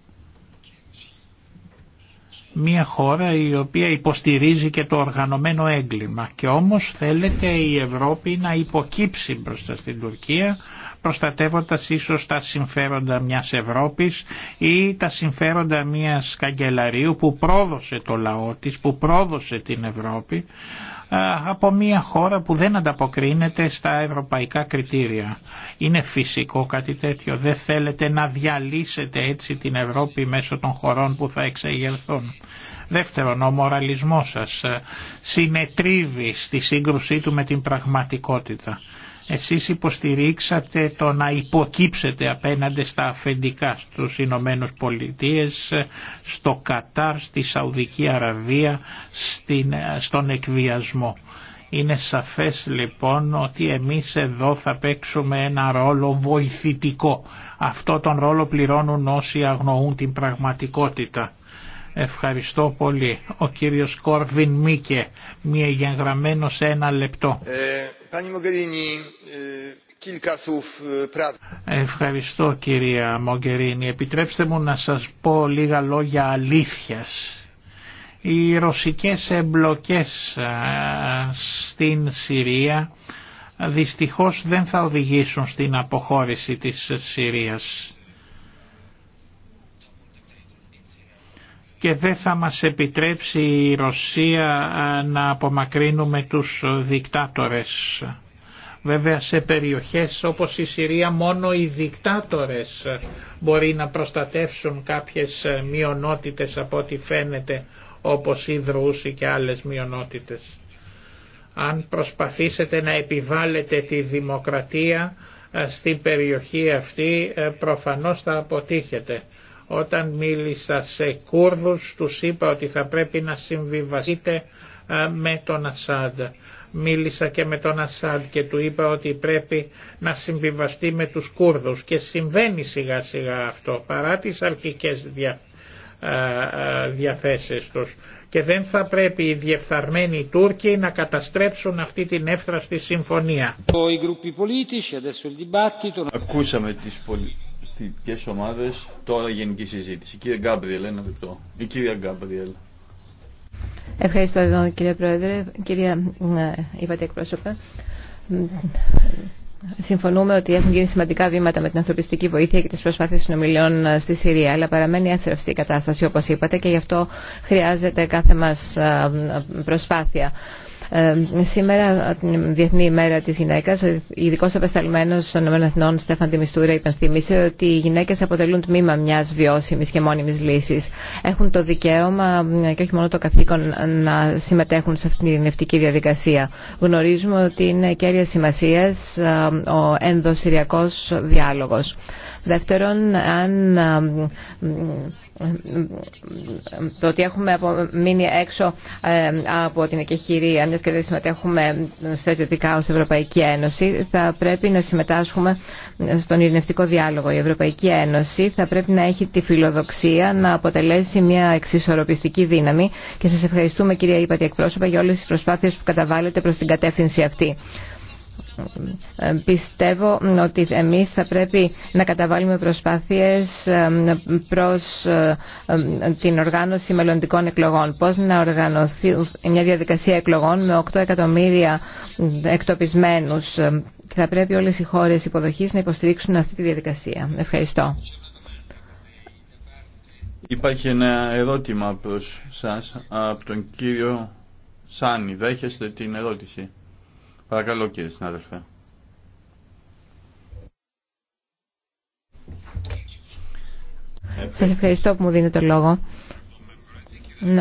μια χώρα η οποία υποστηρίζει και το οργανωμένο έγκλημα και όμως θέλετε η Ευρώπη να υποκύψει μπροστά στην Τουρκία προστατεύοντας ίσως τα συμφέροντα μιας Ευρώπης ή τα συμφέροντα μιας καγκελαρίου που πρόδωσε το λαό της, που πρόδωσε την Ευρώπη από μια χώρα που δεν ανταποκρίνεται στα ευρωπαϊκά κριτήρια. Είναι φυσικό κάτι τέτοιο. Δεν θέλετε να διαλύσετε έτσι την Ευρώπη μέσω των χωρών που θα εξεγερθούν. Δεύτερον, ο μοραλισμός σας ε, συνετρίβει στη σύγκρουσή του με την πραγματικότητα. Εσείς υποστηρίξατε το να υποκύψετε απέναντι στα αφεντικά στους Ηνωμένου Πολιτείε, στο Κατάρ, στη Σαουδική Αραβία, στην, στον εκβιασμό. Είναι σαφές λοιπόν ότι εμείς εδώ θα παίξουμε ένα ρόλο βοηθητικό. Αυτό τον ρόλο πληρώνουν όσοι αγνοούν την πραγματικότητα. Ευχαριστώ πολύ. Ο κύριος Κόρβιν Μίκε, μη εγγεγραμμένο σε ένα λεπτό. Ε, Ευχαριστώ κυρία Μογκερίνη. Επιτρέψτε μου να σας πω λίγα λόγια αλήθειας. Οι ρωσικές εμπλοκές στην Συρία δυστυχώς δεν θα οδηγήσουν στην αποχώρηση της Συρίας. και δεν θα μας επιτρέψει η Ρωσία να απομακρύνουμε τους δικτάτορες. Βέβαια σε περιοχές όπως η Συρία μόνο οι δικτάτορες μπορεί να προστατεύσουν κάποιες μειονότητες από ό,τι φαίνεται όπως οι Δρούσοι και άλλες μειονότητες. Αν προσπαθήσετε να επιβάλλετε τη δημοκρατία στην περιοχή αυτή ε, προφανώς θα αποτύχετε. Όταν μίλησα σε Κούρδους τους είπα ότι θα πρέπει να συμβιβαστείτε με τον Ασάντ. Μίλησα και με τον Ασάντ και του είπα ότι πρέπει να συμβιβαστεί με τους Κούρδους και συμβαίνει σιγά σιγά αυτό παρά τις αρχικές δια, διαθέσεις τους και δεν θα πρέπει οι διεφθαρμένοι Τούρκοι να καταστρέψουν αυτή την εύθραστη συμφωνία. Ακούσαμε τις πολιτικές αθλητικέ ομάδε, τώρα γενική συζήτηση. Κύριε Γκάμπριελ, ένα λεπτό. Η κυρία Γκάμπριελ. Ευχαριστώ κύριε Πρόεδρε, κυρία ε, είπατε εκπρόσωπε. Συμφωνούμε ότι έχουν γίνει σημαντικά βήματα με την ανθρωπιστική βοήθεια και τι προσπάθειε συνομιλιών ε, στη Συρία, αλλά παραμένει έθραυστη η κατάσταση, όπω είπατε, και γι' αυτό χρειάζεται κάθε μα ε, προσπάθεια. Ε, σήμερα, την Διεθνή ημέρα τη γυναίκα, ο ειδικό απεσταλμένο των ΗΠΑ, Στέφαν Τιμιστούρα, υπενθύμησε ότι οι γυναίκε αποτελούν τμήμα μια βιώσιμη και μόνιμη λύση. Έχουν το δικαίωμα ε, και όχι μόνο το καθήκον να συμμετέχουν σε αυτήν την ειρηνευτική διαδικασία. Γνωρίζουμε ότι είναι κέρια σημασία ε, ο ενδοσυριακό διάλογο. Δεύτερον, αν το ότι έχουμε μείνει έξω από την εκεχηρία μια και δεν συμμετέχουμε στρατιωτικά ως Ευρωπαϊκή Ένωση, θα πρέπει να συμμετάσχουμε στον ειρηνευτικό διάλογο. Η Ευρωπαϊκή Ένωση θα πρέπει να έχει τη φιλοδοξία να αποτελέσει μια εξισορροπιστική δύναμη και σας ευχαριστούμε κυρία Ήπατη εκπρόσωπα για όλες τις προσπάθειες που καταβάλλετε προς την κατεύθυνση αυτή πιστεύω ότι εμείς θα πρέπει να καταβάλουμε προσπάθειες ε, προς ε, ε, την οργάνωση μελλοντικών εκλογών. Πώς να οργανωθεί μια διαδικασία εκλογών με 8 εκατομμύρια εκτοπισμένους. θα πρέπει όλες οι χώρες υποδοχής να υποστηρίξουν αυτή τη διαδικασία. Ευχαριστώ. Υπάρχει ένα ερώτημα προς σας από τον κύριο Σάνι. Δέχεστε την ερώτηση. Παρακαλώ κύριε συνάδελφε. Σας ευχαριστώ που μου δίνετε το λόγο.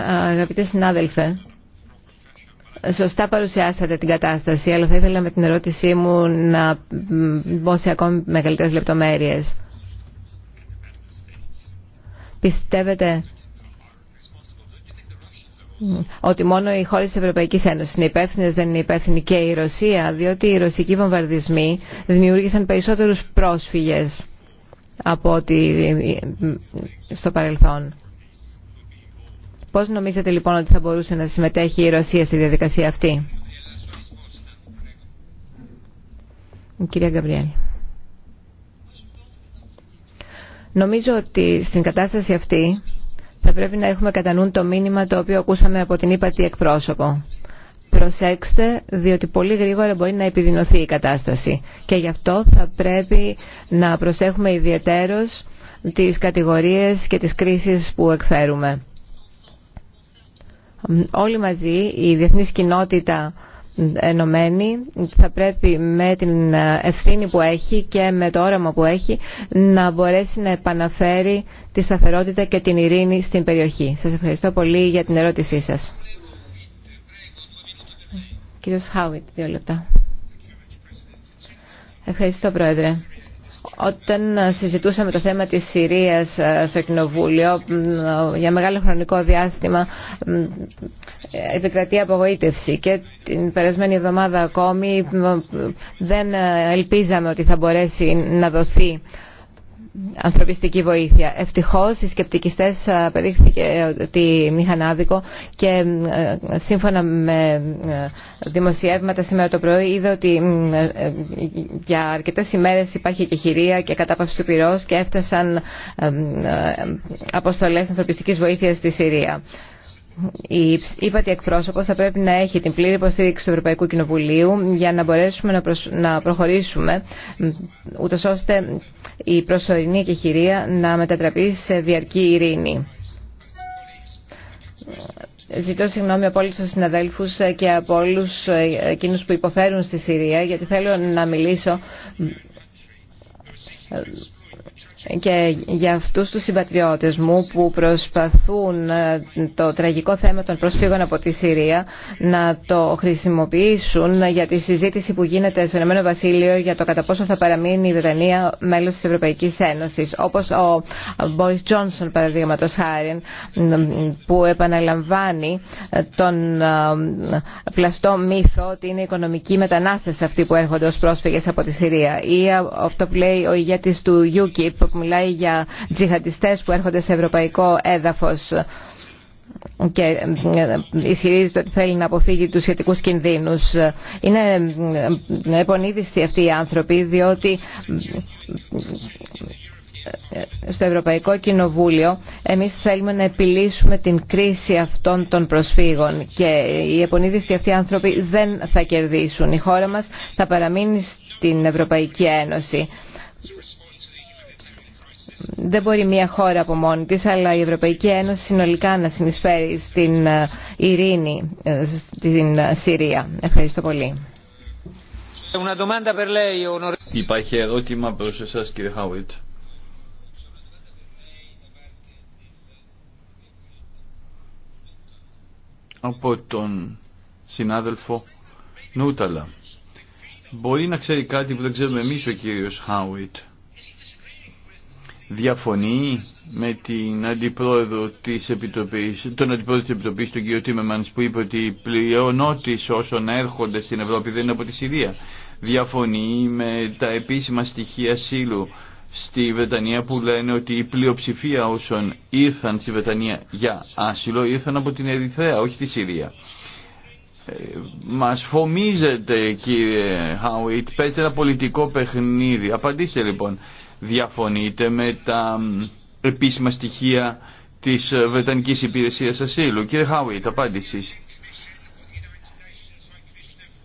Αγαπητέ συνάδελφε, σωστά παρουσιάσατε την κατάσταση, αλλά θα ήθελα με την ερώτησή μου να μπω σε ακόμη μεγαλύτερες λεπτομέρειες. Πιστεύετε ότι μόνο οι χώρε τη Ευρωπαϊκή Ένωση είναι υπεύθυνε, δεν είναι υπεύθυνη και η Ρωσία, διότι οι ρωσικοί βομβαρδισμοί δημιούργησαν περισσότερου πρόσφυγε από ότι ε, στο παρελθόν. Πώς νομίζετε λοιπόν ότι θα μπορούσε να συμμετέχει η Ρωσία στη διαδικασία αυτή. κυρία Γκαμπριέλη. Νομίζω ότι στην κατάσταση αυτή θα πρέπει να έχουμε κατά νου το μήνυμα το οποίο ακούσαμε από την ύπατη εκπρόσωπο. Προσέξτε, διότι πολύ γρήγορα μπορεί να επιδεινωθεί η κατάσταση και γι' αυτό θα πρέπει να προσέχουμε ιδιαιτέρως τις κατηγορίες και τις κρίσεις που εκφέρουμε. Όλοι μαζί, η διεθνής κοινότητα ενωμένη θα πρέπει με την ευθύνη που έχει και με το όραμα που έχει να μπορέσει να επαναφέρει τη σταθερότητα και την ειρήνη στην περιοχή. Σας ευχαριστώ πολύ για την ερώτησή σας. Κύριος Χάουιτ, δύο λεπτά. Ευχαριστώ, Πρόεδρε. Όταν συζητούσαμε το θέμα της Συρίας ε, στο Κοινοβούλιο για μεγάλο χρονικό διάστημα επικρατεί απογοήτευση και την περασμένη εβδομάδα ακόμη δεν ε, ελπίζαμε ότι θα μπορέσει να δοθεί ανθρωπιστική βοήθεια. Ευτυχώ, οι σκεπτικιστές ε, απεδείχθηκε ότι είχαν άδικο και ε, σύμφωνα με ε, δημοσιεύματα σήμερα το πρωί είδα ότι για αρκετέ ημέρε υπάρχει και χειρία και κατάπαυση του πυρό και έφτασαν αποστολέ ανθρωπιστική βοήθεια στη Συρία η ύπατη εκπρόσωπο θα πρέπει να έχει την πλήρη υποστήριξη του Ευρωπαϊκού Κοινοβουλίου για να μπορέσουμε να, προχωρήσουμε ούτω ώστε η προσωρινή εκεχηρία να μετατραπεί σε διαρκή ειρήνη. Ζητώ συγγνώμη από όλους τους συναδέλφους και από όλους εκείνους που υποφέρουν στη Συρία γιατί θέλω να μιλήσω και για αυτούς τους συμπατριώτες μου που προσπαθούν ε, το τραγικό θέμα των προσφύγων από τη Συρία να το χρησιμοποιήσουν για τη συζήτηση που γίνεται στο Ηνωμένο Βασίλειο για το κατά πόσο θα παραμείνει η Βρετανία μέλος της Ευρωπαϊκής Ένωσης όπως ο Μπόρις Τζόνσον παραδείγματο χάρη που επαναλαμβάνει τον ε, πλαστό μύθο ότι είναι οικονομικοί μετανάστες αυτοί που έρχονται ως πρόσφυγες από τη Συρία ή αυτό που λέει ο ηγέτης του UKIP που μιλάει για τζιχαντιστές που έρχονται σε ευρωπαϊκό έδαφος και ε, ισχυρίζεται ότι θέλει να αποφύγει τους σχετικούς κινδύνους. Είναι ε, επονίδιστοι αυτοί οι άνθρωποι διότι ε, στο Ευρωπαϊκό Κοινοβούλιο εμείς θέλουμε να επιλύσουμε την κρίση αυτών των προσφύγων και οι επονίδιστοι αυτοί οι άνθρωποι δεν θα κερδίσουν. Η χώρα μας θα παραμείνει στην Ευρωπαϊκή Ένωση δεν μπορεί μια χώρα από μόνη της, αλλά η Ευρωπαϊκή Ένωση συνολικά να συνεισφέρει στην ε, ειρήνη ε, στην ε, Συρία. Ευχαριστώ πολύ. Υπάρχει ερώτημα προς εσάς κύριε Χάουιτ. Από τον συνάδελφο Νούταλα. Μπορεί να ξέρει κάτι που δεν ξέρουμε εμείς ο κύριος Χάουιτ διαφωνεί με την αντιπρόεδρο της Επιτροπής, τον αντιπρόεδρο της Επιτροπής, τον κύριο Τίμεμανς, που είπε ότι οι πλειονότης όσων έρχονται στην Ευρώπη δεν είναι από τη Συρία. Διαφωνεί με τα επίσημα στοιχεία σύλλου στη Βρετανία που λένε ότι η πλειοψηφία όσων ήρθαν στη Βρετανία για άσυλο ήρθαν από την Ερυθρέα, όχι τη Συρία. Μα ε, μας φομίζετε κύριε Χάουιτ, παίζετε ένα πολιτικό παιχνίδι. Απαντήστε λοιπόν διαφωνείτε με τα επίσημα στοιχεία της ε, Βρετανικής Υπηρεσίας Ασύλου. Κύριε Χάουιτ, απάντηση.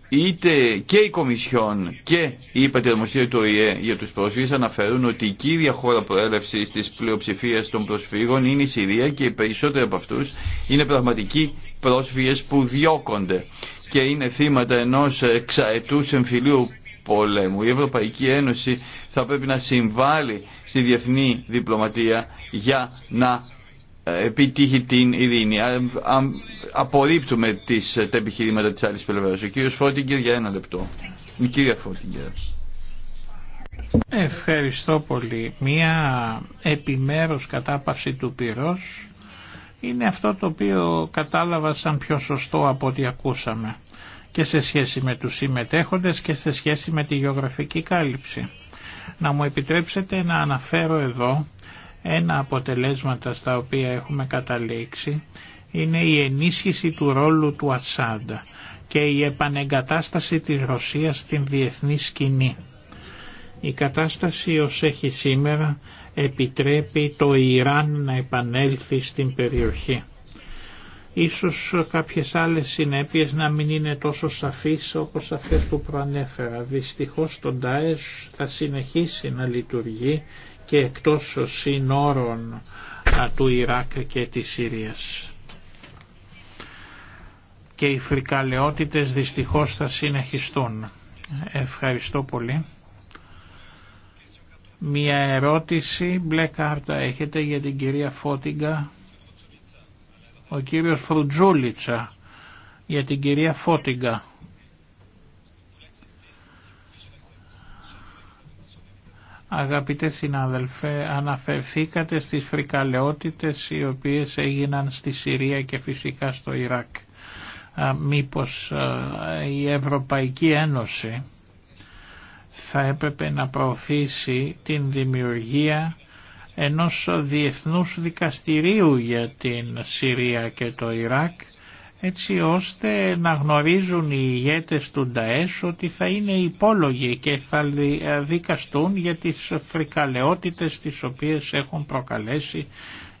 Είτε και η Κομισιόν και η Πατερμοστία του ΟΗΕ για τους πρόσφυγες αναφέρουν ότι η κύρια χώρα προέλευσης της πλειοψηφίας των προσφύγων είναι η Συρία και οι περισσότεροι από αυτούς είναι πραγματικοί πρόσφυγες που διώκονται και είναι θύματα ενός εξαετούς εμφυλίου πολέμου. Η Ευρωπαϊκή Ένωση θα πρέπει να συμβάλλει στη διεθνή διπλωματία για να ε, επιτύχει την ειρήνη. Απορρίπτουμε τις, ε, τα επιχειρήματα της άλλης πλευράς. Ο κύριος Φώτιγκερ για ένα λεπτό. κυρία Ευχαριστώ πολύ. Μία επιμέρους κατάπαυση του πυρός είναι αυτό το οποίο κατάλαβα σαν πιο σωστό από ό,τι ακούσαμε και σε σχέση με τους συμμετέχοντες και σε σχέση με τη γεωγραφική κάλυψη. Να μου επιτρέψετε να αναφέρω εδώ ένα αποτελέσματα στα οποία έχουμε καταλήξει είναι η ενίσχυση του ρόλου του Ασάντα και η επανεγκατάσταση της Ρωσίας στην διεθνή σκηνή. Η κατάσταση ως έχει σήμερα επιτρέπει το Ιράν να επανέλθει στην περιοχή. Ίσως κάποιες άλλες συνέπειες να μην είναι τόσο σαφείς όπως αυτές που προανέφερα. Δυστυχώς το ΝΤΑΕΣ θα συνεχίσει να λειτουργεί και εκτός συνόρων του Ιράκ και της Συρίας. Και οι φρικαλαιότητες δυστυχώς θα συνεχιστούν. Ευχαριστώ πολύ. Μία ερώτηση, μπλε κάρτα έχετε για την κυρία Φώτιγκα ο κύριος Φρουτζούλιτσα για την κυρία Φώτιγκα. Αγαπητέ συνάδελφε, αναφερθήκατε στις φρικαλαιότητες οι οποίες έγιναν στη Συρία και φυσικά στο Ιράκ. Μήπως η Ευρωπαϊκή Ένωση θα έπρεπε να προωθήσει την δημιουργία ενός διεθνούς δικαστηρίου για την Συρία και το Ιράκ έτσι ώστε να γνωρίζουν οι ηγέτες του Νταές ότι θα είναι υπόλογοι και θα δικαστούν για τις φρικαλαιότητες τις οποίες έχουν προκαλέσει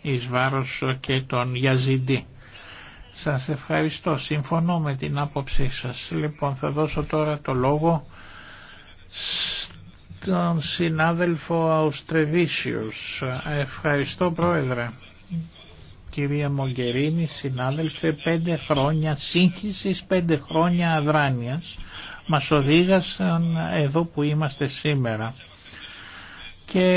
εις βάρος και τον Γιαζιντή. Σας ευχαριστώ. Συμφωνώ με την άποψή σας. Λοιπόν θα δώσω τώρα το λόγο τον συνάδελφο Αουστρεβίσιους. Ευχαριστώ πρόεδρε. Κυρία Μογκερίνη, συνάδελφε, πέντε χρόνια σύγχυσης, πέντε χρόνια αδράνειας μας οδήγασαν εδώ που είμαστε σήμερα. Και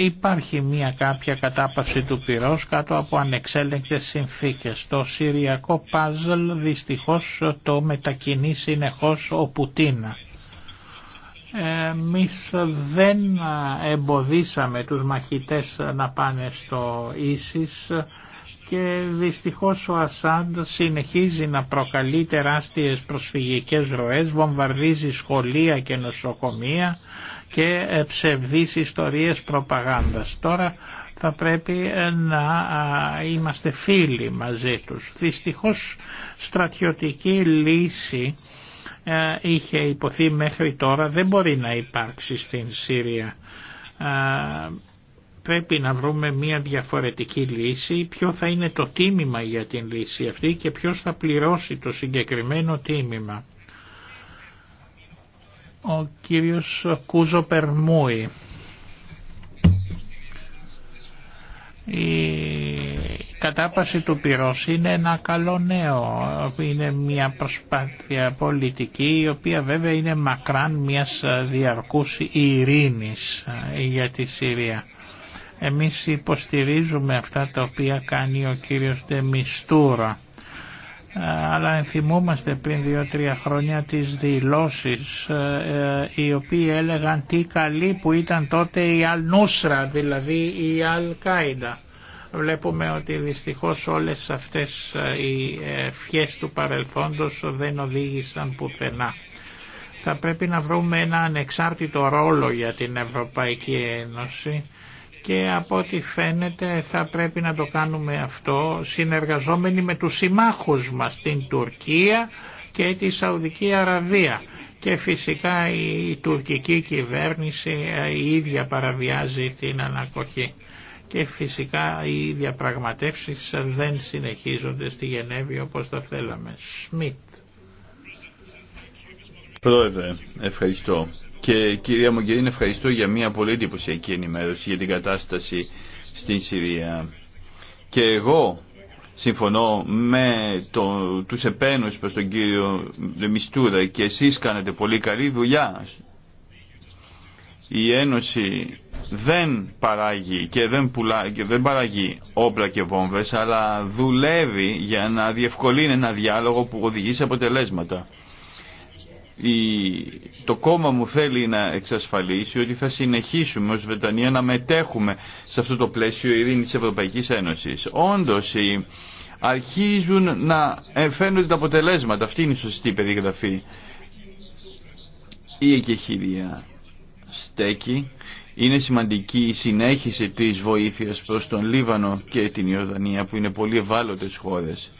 υπάρχει μια κάποια κατάπαυση του πυρός κάτω από ανεξέλεγκτες συνθήκες. Το συριακό παζλ δυστυχώς το μετακινεί συνεχώς ο Πουτίνα εμείς δεν εμποδίσαμε τους μαχητές να πάνε στο Ίσις και δυστυχώς ο Ασάντ συνεχίζει να προκαλεί τεράστιες προσφυγικές ροές, βομβαρδίζει σχολεία και νοσοκομεία και ψευδείς ιστορίες προπαγάνδας. Τώρα θα πρέπει ε, να είμαστε φίλοι μαζί τους. Δυστυχώς στρατιωτική λύση ε, είχε υποθεί μέχρι τώρα δεν μπορεί να υπάρξει στην Σύρια. Ε, πρέπει να βρούμε μια διαφορετική λύση, ποιο θα είναι το τίμημα για την λύση αυτή και ποιος θα πληρώσει το συγκεκριμένο τίμημα. Ο κύριος Κούζο Περμούη κατάπαση του πυρός είναι ένα καλό νέο, είναι μια προσπάθεια πολιτική η οποία βέβαια είναι μακράν μιας διαρκούς ειρήνης για τη Συρία. Εμείς υποστηρίζουμε αυτά τα οποία κάνει ο κύριος Ντεμιστούρα αλλά ενθυμούμαστε πριν δύο-τρία χρόνια τις δηλώσεις ε, οι οποίοι έλεγαν τι καλή που ήταν τότε η Αλ δηλαδή η Αλ Κάιντα. Βλέπουμε ότι δυστυχώς όλες αυτές ε, οι ε, ευχές του παρελθόντος δεν οδήγησαν πουθενά. Θα πρέπει να βρούμε ένα ανεξάρτητο ρόλο για την Ευρωπαϊκή Ένωση και από ό,τι φαίνεται θα πρέπει να το κάνουμε αυτό συνεργαζόμενοι με τους συμμάχους μας, την Τουρκία και τη Σαουδική Αραβία. Και φυσικά η τουρκική κυβέρνηση ε, η ίδια παραβιάζει την ανακοχή και φυσικά οι διαπραγματεύσεις δεν συνεχίζονται στη Γενέβη όπως θα θέλαμε. Σμιτ. Πρόεδρε, ευχαριστώ. Και κυρία Μογγερίνη, ευχαριστώ για μια πολύ εντυπωσιακή ενημέρωση για την κατάσταση στην Συρία. Και εγώ συμφωνώ με το, τους επένους προς τον κύριο Μιστούρα και εσείς κάνετε πολύ καλή δουλειά η Ένωση δεν παράγει και δεν, πουλά, και δεν παράγει όπλα και βόμβες, αλλά δουλεύει για να διευκολύνει ένα διάλογο που οδηγεί σε αποτελέσματα. Η, το κόμμα μου θέλει να εξασφαλίσει ότι θα συνεχίσουμε ως Βρετανία να μετέχουμε σε αυτό το πλαίσιο ειρήνη της Ευρωπαϊκής Ένωσης. Όντως, αρχίζουν να φαίνονται τα αποτελέσματα. Αυτή είναι η σωστή περιγραφή. Η εκεχηρία στέκει. Είναι σημαντική η συνέχιση της βοήθειας προς τον Λίβανο και την Ιορδανία που είναι πολύ ευάλωτες χώρες.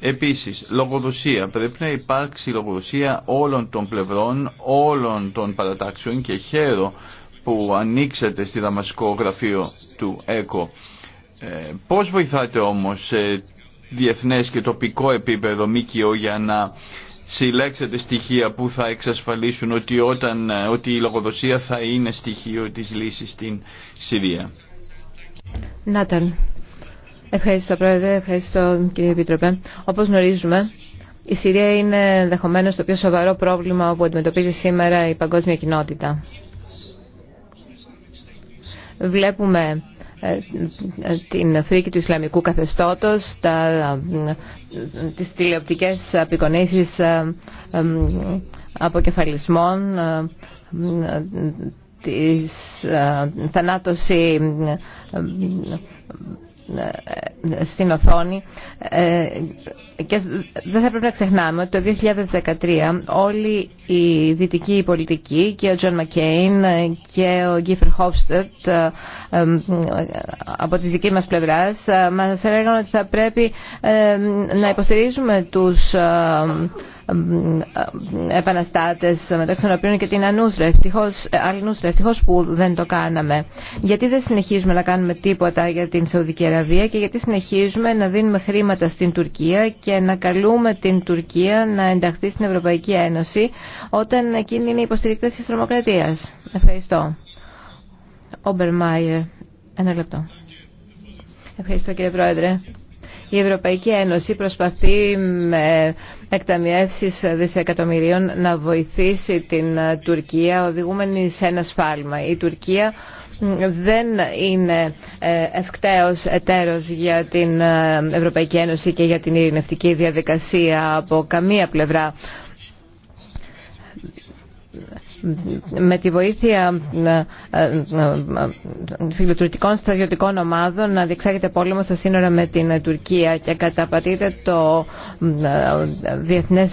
Επίσης, λογοδοσία. Πρέπει να υπάρξει λογοδοσία όλων των πλευρών, όλων των παρατάξεων και χαίρο που ανοίξατε στη Δαμασκό γραφείο του ΕΚΟ. Ε, πώς βοηθάτε όμως σε διεθνές και τοπικό επίπεδο ΜΚΟ για να συλλέξετε στοιχεία που θα εξασφαλίσουν ότι, όταν, ε, ότι η λογοδοσία θα είναι στοιχείο της λύσης στην Συρία. Νάταλ. Ευχαριστώ Πρόεδρε, ευχαριστώ κύριε Επίτροπε. Όπως γνωρίζουμε, η Συρία είναι ενδεχομένω το πιο σοβαρό πρόβλημα που αντιμετωπίζει σήμερα η παγκόσμια κοινότητα. Βλέπουμε ε, την φρίκη του Ισλαμικού καθεστώτος, τα, ε, τις τηλεοπτικές απεικονίσεις ε, αποκεφαλισμών, της θανάτωση στην οθόνη και δεν θα πρέπει να ξεχνάμε ότι το 2013 όλη η δυτική πολιτική και ο Τζον Μακέιν και ο Γκίφερ Χόφστετ από τη δική μας πλευρά μας έλεγαν ότι θα πρέπει να υποστηρίζουμε τους επαναστάτε, μεταξύ των οποίων και την ε, Ανούσρα. ευτυχώς που δεν το κάναμε. Γιατί δεν συνεχίζουμε να κάνουμε τίποτα για την Σαουδική Αραβία και γιατί συνεχίζουμε να δίνουμε χρήματα στην Τουρκία και να καλούμε την Τουρκία να ενταχθεί στην Ευρωπαϊκή Ένωση όταν εκείνη είναι υποστηρικτή τη Τρομοκρατία. Ευχαριστώ. Όμπερ Μάιερ, ένα λεπτό. Ευχαριστώ κύριε Πρόεδρε. Η Ευρωπαϊκή Ένωση προσπαθεί με εκταμιεύσεις δισεκατομμυρίων να βοηθήσει την Τουρκία οδηγούμενη σε ένα σφάλμα. Η Τουρκία δεν είναι ε, ευκταίος εταίρος για την ε, Ευρωπαϊκή Ένωση και για την ειρηνευτική διαδικασία από καμία πλευρά με τη βοήθεια ε, φιλοτουρκικών στρατιωτικών ομάδων να διεξάγεται πόλεμο στα σύνορα με την Τουρκία και καταπατείται το διεθνές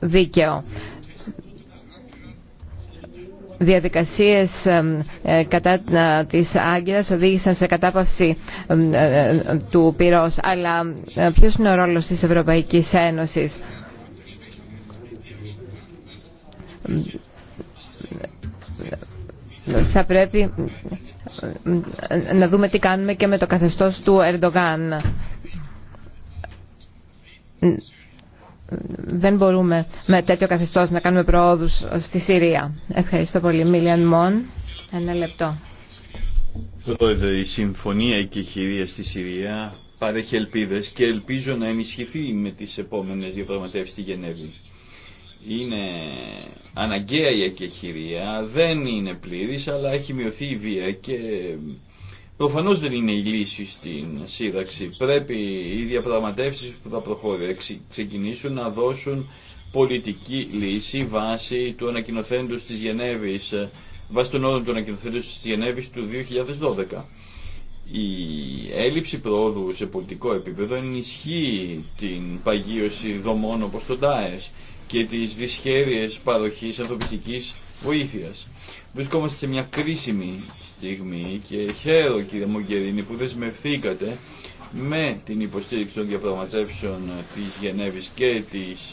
δίκαιο διαδικασίες ε, κατά ε, της Άγκυρας οδήγησαν σε κατάπαυση ε, του πυρός. Αλλά ποιος είναι ο ρόλος της Ευρωπαϊκής Ένωσης θα πρέπει να δούμε τι κάνουμε και με το καθεστώς του Ερντογάν δεν μπορούμε με τέτοιο καθεστώς να κάνουμε προόδους στη Συρία. Ευχαριστώ πολύ. Μίλιαν Μον, ένα λεπτό. Πρόεδρε, η συμφωνία και η χειρία στη Συρία παρέχει ελπίδες και ελπίζω να ενισχυθεί με τις επόμενες διαπραγματεύσεις στη Γενέβη. Είναι αναγκαία η εκεχηρία, δεν είναι πλήρης, αλλά έχει μειωθεί η βία και Προφανώς δεν είναι η λύση στην σύραξη. Πρέπει οι διαπραγματεύσεις που θα προχωρήσουν ξεκινήσουν να δώσουν πολιτική λύση βάσει του ανακοινοθέντου βάσει των όρων του ανακοινοθέντου της Γενέβης του 2012. Η έλλειψη πρόοδου σε πολιτικό επίπεδο ενισχύει την παγίωση δομών όπως το ΤΑΕΣ και τις δυσχέρειες παροχής ανθρωπιστικής βοήθειας. Βρισκόμαστε σε μια κρίσιμη στιγμή και χαίρο κύριε Μογκερίνη που δεσμευθήκατε με την υποστήριξη των διαπραγματεύσεων της Γενέβης και, της,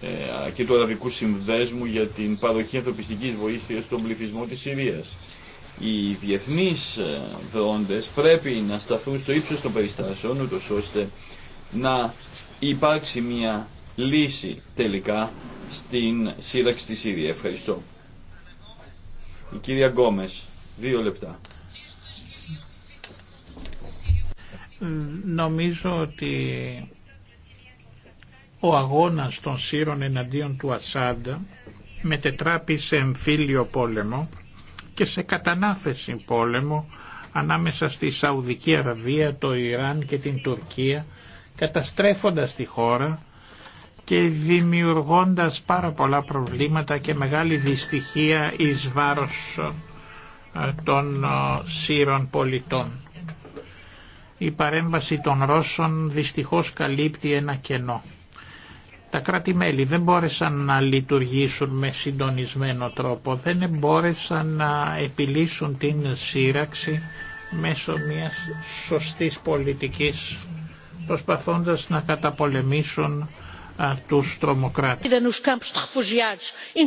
ε, ε και του Αραβικού Συμβέσμου για την παροχή ανθρωπιστικής βοήθειας στον πληθυσμό της Συρίας. Οι διεθνείς ε, δρόντες πρέπει να σταθούν στο ύψος των περιστάσεων ούτως ώστε να υπάρξει μια λύση τελικά στην σύραξη της Συρία. Ευχαριστώ. Η κυρία Γκόμες. Δύο λεπτά. Νομίζω ότι ο αγώνας των Σύρων εναντίον του Ασάντα μετετράπη σε εμφύλιο πόλεμο και σε κατανάφεση πόλεμο ανάμεσα στη Σαουδική Αραβία, το Ιράν και την Τουρκία καταστρέφοντας τη χώρα και δημιουργώντας πάρα πολλά προβλήματα και μεγάλη δυστυχία εις βάρος ε, των ε, σύρων πολιτών. Η παρέμβαση των Ρώσων δυστυχώς καλύπτει ένα κενό. Τα κράτη-μέλη δεν μπόρεσαν να λειτουργήσουν με συντονισμένο τρόπο, δεν μπόρεσαν να επιλύσουν την σύραξη μέσω μιας σωστής πολιτικής, προσπαθώντας να καταπολεμήσουν τους τρομοκράτες. E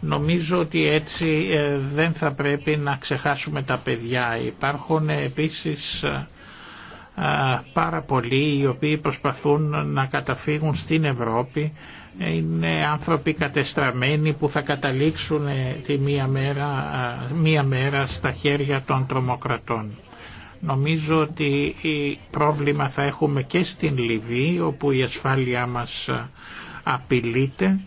Νομίζω ότι έτσι ε, δεν θα πρέπει να ξεχάσουμε τα παιδιά. Υπάρχουν ε, επίσης ε, πάρα πολλοί οι οποίοι προσπαθούν να καταφύγουν στην Ευρώπη είναι άνθρωποι κατεστραμμένοι που θα καταλήξουν τη μία μέρα, μία μέρα στα χέρια των τρομοκρατών. Νομίζω ότι πρόβλημα θα έχουμε και στην Λιβύη όπου η ασφάλειά μας ε, απειλείται.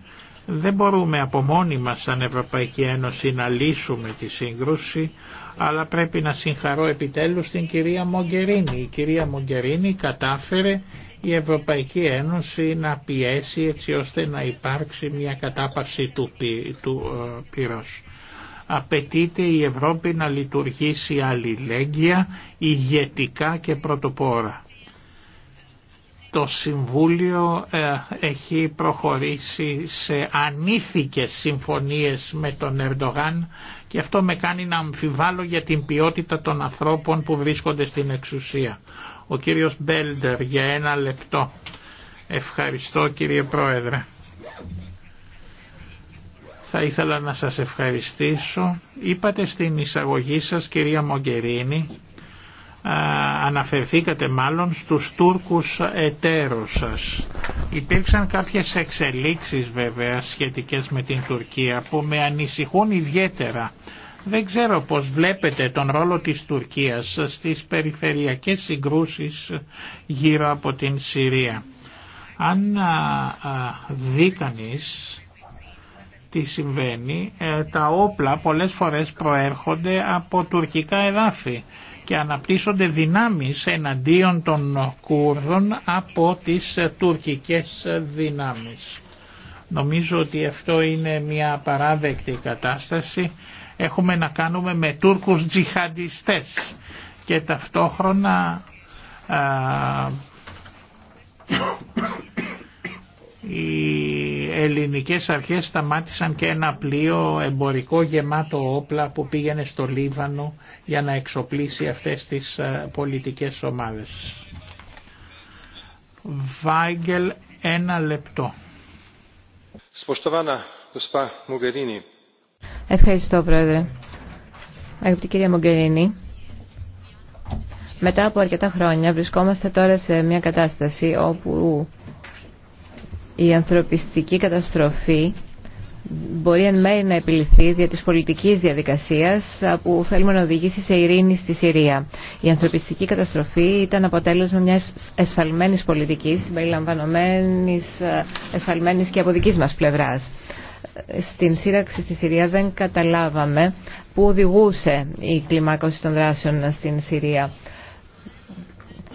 Δεν μπορούμε από μόνοι μας σαν Ευρωπαϊκή Ένωση να λύσουμε τη σύγκρουση αλλά πρέπει να συγχαρώ επιτέλους την κυρία Μογκερίνη. Η κυρία Μογκερίνη κατάφερε η Ευρωπαϊκή Ένωση να πιέσει έτσι ώστε να υπάρξει μια κατάπαυση του ε, πυρός απαιτείται η Ευρώπη να λειτουργήσει αλληλέγγυα, ηγετικά και πρωτοπόρα. Το Συμβούλιο ε, έχει προχωρήσει σε ανήθικες συμφωνίες με τον Ερντογάν και αυτό με κάνει να αμφιβάλλω για την ποιότητα των ανθρώπων που βρίσκονται στην εξουσία. Ο κύριος Μπέλντερ για ένα λεπτό. Ευχαριστώ κύριε Πρόεδρε. Θα ήθελα να σας ευχαριστήσω. Είπατε στην εισαγωγή σας κυρία Μογκερίνη, αναφερθήκατε μάλλον στους Τούρκους εταίρους σας. Υπήρξαν κάποιες εξελίξεις βέβαια σχετικές με την Τουρκία που με ανησυχούν ιδιαίτερα. Δεν ξέρω πως βλέπετε τον ρόλο της Τουρκίας στις περιφερειακές συγκρούσεις γύρω από την Συρία. Αν δει κανείς, τι συμβαίνει. Ε, τα όπλα πολλές φορές προέρχονται από τουρκικά εδάφη και αναπτύσσονται δυνάμεις εναντίον των Κούρδων από τις ε, τουρκικές ε, δυνάμεις. Νομίζω ότι αυτό είναι μια παράδεκτη κατάσταση. Έχουμε να κάνουμε με Τούρκους τζιχαντιστές και ταυτόχρονα ελληνικές αρχές σταμάτησαν και ένα πλοίο εμπορικό γεμάτο όπλα που πήγαινε στο Λίβανο για να εξοπλίσει αυτές τις ε, πολιτικές ομάδες. Βάγγελ, ένα λεπτό. Ευχαριστώ, Πρόεδρε. Αγαπητή κυρία Μογκερίνη, μετά από αρκετά χρόνια βρισκόμαστε τώρα σε μια κατάσταση όπου η ανθρωπιστική καταστροφή μπορεί εν μέρει να επιληθεί δια της πολιτικής διαδικασίας που θέλουμε να οδηγήσει σε ειρήνη στη Συρία. Η ανθρωπιστική καταστροφή ήταν αποτέλεσμα μιας εσφαλμένης πολιτικής, συμπεριλαμβανομένης ε, εσφαλμένης και από δικής μας πλευράς. Στην σύραξη στη Συρία δεν καταλάβαμε πού οδηγούσε η κλιμάκωση των δράσεων στην Συρία.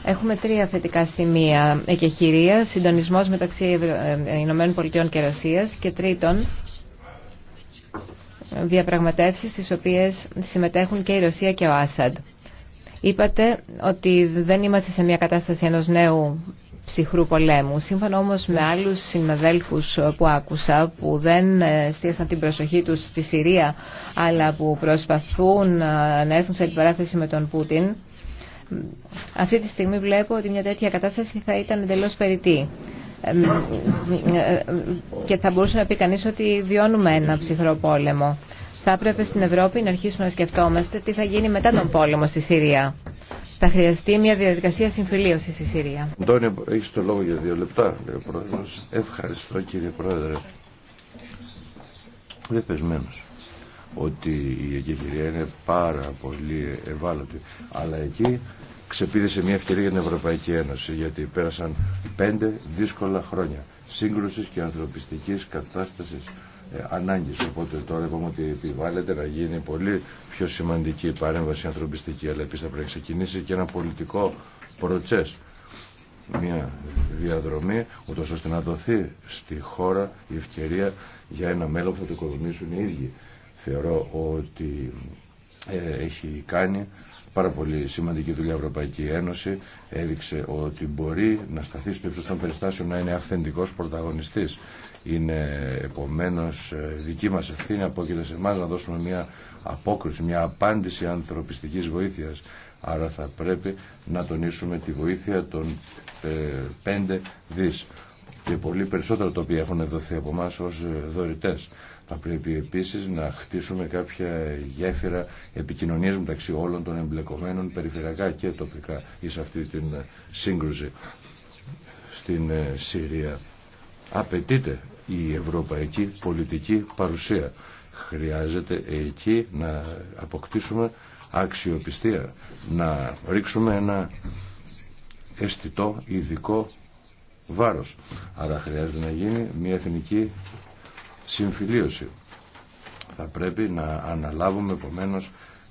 Έχουμε τρία θετικά σημεία. Εκεχηρία, συντονισμός μεταξύ ε, ε, Ηνωμένων Πολιτειών και Ρωσίας και τρίτον, διαπραγματεύσεις στις οποίες συμμετέχουν και η Ρωσία και ο Άσαντ. Είπατε ότι δεν είμαστε σε μια κατάσταση ενός νέου ψυχρού πολέμου. Σύμφωνα όμως με άλλους συναδέλφους που άκουσα που δεν εστίασαν την προσοχή τους στη Συρία αλλά που προσπαθούν να έρθουν σε αντιπαράθεση με τον Πούτιν αυτή τη στιγμή βλέπω ότι μια τέτοια κατάσταση θα ήταν εντελώ περιττή. Ε, ε, και θα μπορούσε να πει κανεί ότι βιώνουμε ένα ψυχρό πόλεμο. Θα έπρεπε στην Ευρώπη να αρχίσουμε να σκεφτόμαστε τι θα γίνει μετά τον πόλεμο στη Συρία. Θα χρειαστεί μια διαδικασία συμφιλίωση στη Συρία. Ντόνι, έχει το λόγο για δύο λεπτά, Ευχαριστώ κύριε πρόεδρε. Είμαι πεσμένο ότι η Αγγελία είναι πάρα πολύ ευάλωτη. Αλλά εκεί ξεπίδησε μια ευκαιρία για την Ευρωπαϊκή Ένωση γιατί πέρασαν πέντε δύσκολα χρόνια σύγκρουσης και ανθρωπιστικής κατάστασης ε, ανάγκης. Οπότε τώρα είπαμε ότι επιβάλλεται να γίνει πολύ πιο σημαντική παρέμβαση ανθρωπιστική αλλά επίσης θα πρέπει να ξεκινήσει και ένα πολιτικό προτσές μια διαδρομή ούτως ώστε να δοθεί στη χώρα η ευκαιρία για ένα μέλλον που θα το οικοδομήσουν οι ίδιοι. Θεωρώ ότι ε, έχει κάνει πάρα πολύ σημαντική δουλειά η Ευρωπαϊκή Ένωση έδειξε ότι μπορεί να σταθεί στο ύψος των να είναι αυθεντικός πρωταγωνιστής. Είναι επομένως ε, δική μας ευθύνη από σε εμάς να δώσουμε μια απόκριση, μια απάντηση ανθρωπιστικής βοήθειας. Άρα θα πρέπει να τονίσουμε τη βοήθεια των ε, πέντε δις και πολύ περισσότερο το οποίο έχουν δοθεί από εμά ως ε, δωρητές. Θα πρέπει επίσης να χτίσουμε κάποια γέφυρα επικοινωνίας μεταξύ όλων των εμπλεκομένων περιφερειακά και τοπικά εις αυτή την σύγκρουση στην ε, Συρία. Απαιτείται η ευρωπαϊκή πολιτική παρουσία. Χρειάζεται εκεί να αποκτήσουμε αξιοπιστία, να ρίξουμε ένα αισθητό ειδικό βάρος. Άρα χρειάζεται να γίνει μια εθνική συμφιλίωση. Θα πρέπει να αναλάβουμε επομένω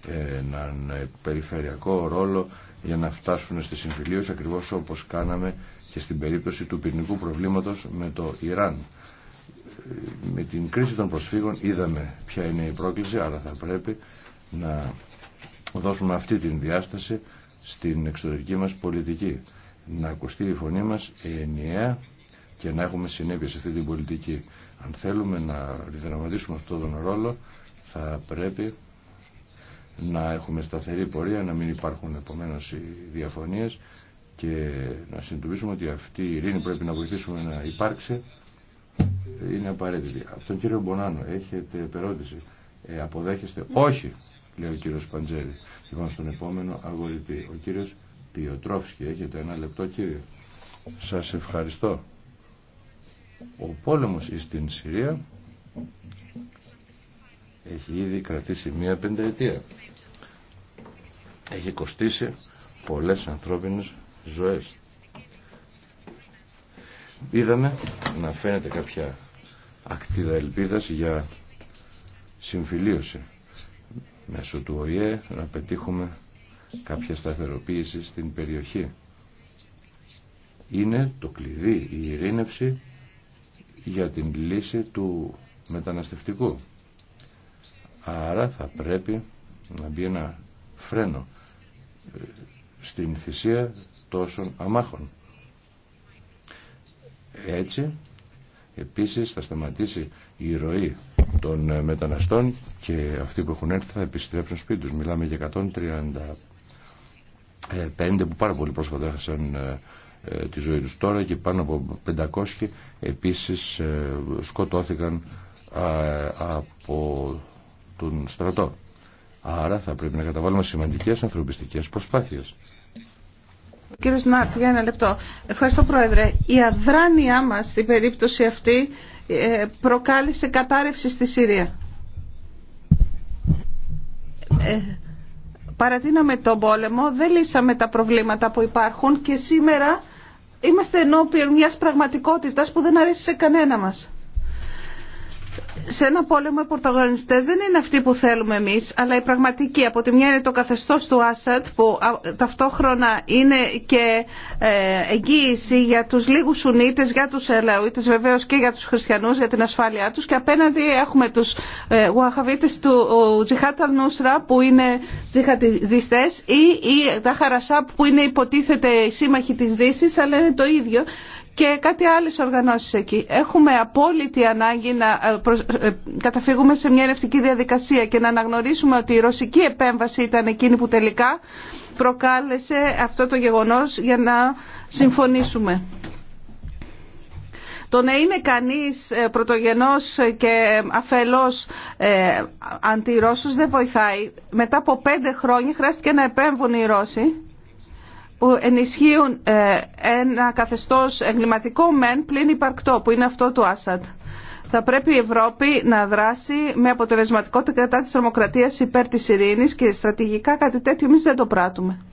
ε, έναν περιφερειακό ρόλο για να φτάσουν στη συμφιλίωση ακριβώς όπως κάναμε και στην περίπτωση του πυρηνικού προβλήματος με το Ιράν. Με την κρίση των προσφύγων είδαμε ποια είναι η πρόκληση, αλλά θα πρέπει να δώσουμε αυτή την διάσταση στην εξωτερική μας πολιτική. Να ακουστεί η φωνή μας ενιαία και να έχουμε συνέπεια σε αυτή την πολιτική. Αν θέλουμε να διδραματίσουμε αυτόν τον ρόλο θα πρέπει να έχουμε σταθερή πορεία, να μην υπάρχουν επομένω οι διαφωνίες και να συνειδητοποιήσουμε ότι αυτή η ειρήνη πρέπει να βοηθήσουμε να υπάρξει είναι απαραίτητη. Από τον κύριο Μπονάνο έχετε περώτηση. Ε, αποδέχεστε. Ναι. Όχι, λέει ο κύριο Παντζέρη. Λοιπόν, στον επόμενο αγωγητή, Ο κύριο Πιοτρόφσκι. Έχετε ένα λεπτό κύριε. Σα ευχαριστώ. Ο πόλεμος στην Συρία έχει ήδη κρατήσει μία πενταετία. Έχει κοστίσει πολλές ανθρώπινες ζωές. Είδαμε να φαίνεται κάποια ακτίδα ελπίδας για συμφιλίωση μέσω του ΟΗΕ να πετύχουμε κάποια σταθεροποίηση στην περιοχή. Είναι το κλειδί η ειρήνευση για την λύση του μεταναστευτικού. Άρα θα πρέπει να μπει ένα φρένο ε, στην θυσία τόσων αμάχων. Έτσι, επίσης θα σταματήσει η ροή των ε, μεταναστών και αυτοί που έχουν έρθει θα επιστρέψουν σπίτι τους. Μιλάμε για 135 που πάρα πολύ πρόσφατα έχασαν ε, ε, τη ζωή τους τώρα και πάνω από 500 επίσης ε, σκοτώθηκαν ε, από τον στρατό. Άρα θα πρέπει να καταβάλουμε σημαντικές ανθρωπιστικές προσπάθειες. Κύριε Σνάρτ, για ένα λεπτό. Ευχαριστώ Πρόεδρε. Η αδράνειά μας στην περίπτωση αυτή προκάλεσε κατάρρευση στη Συρία. Παρατείναμε τον πόλεμο, δεν λύσαμε τα προβλήματα που υπάρχουν και σήμερα Είμαστε ενώπιον μιας πραγματικότητας που δεν αρέσει σε κανένα μας σε ένα πόλεμο οι πορτογαλιστέ δεν είναι αυτοί που θέλουμε εμείς, αλλά οι πραγματική Από τη μια είναι το καθεστώς του Άσαντ που ταυτόχρονα είναι και ε, εγγύηση για τους λίγους Σουνίτε, για τους Ελαουίτες βεβαίως και για τους χριστιανούς, για την ασφάλειά τους και απέναντι έχουμε τους ε, Ουαχαβίτες του Τζιχάτα Νούσρα που είναι τζιχατιδιστέ, ή, ή τα Χαρασάπ που είναι υποτίθεται σύμμαχοι τη δύση, αλλά είναι το ίδιο και κάτι άλλες οργανώσεις εκεί. Έχουμε απόλυτη ανάγκη να ε, ε, καταφύγουμε σε μια ελευτική διαδικασία και να αναγνωρίσουμε ότι η ρωσική επέμβαση ήταν εκείνη που τελικά προκάλεσε αυτό το γεγονός για να συμφωνήσουμε. Το να είναι κανείς ε, πρωτογενός και αφελός ε, αντιρώσος δεν βοηθάει. Μετά από πέντε χρόνια χρειάστηκε να επέμβουν οι Ρώσοι που ενισχύουν ε, ένα καθεστώς εγκληματικό μεν πλην υπαρκτό που είναι αυτό του Άσαντ. Θα πρέπει η Ευρώπη να δράσει με αποτελεσματικότητα κατά της τρομοκρατίας υπέρ της ειρήνης και στρατηγικά κάτι τέτοιο εμείς δεν το πράττουμε.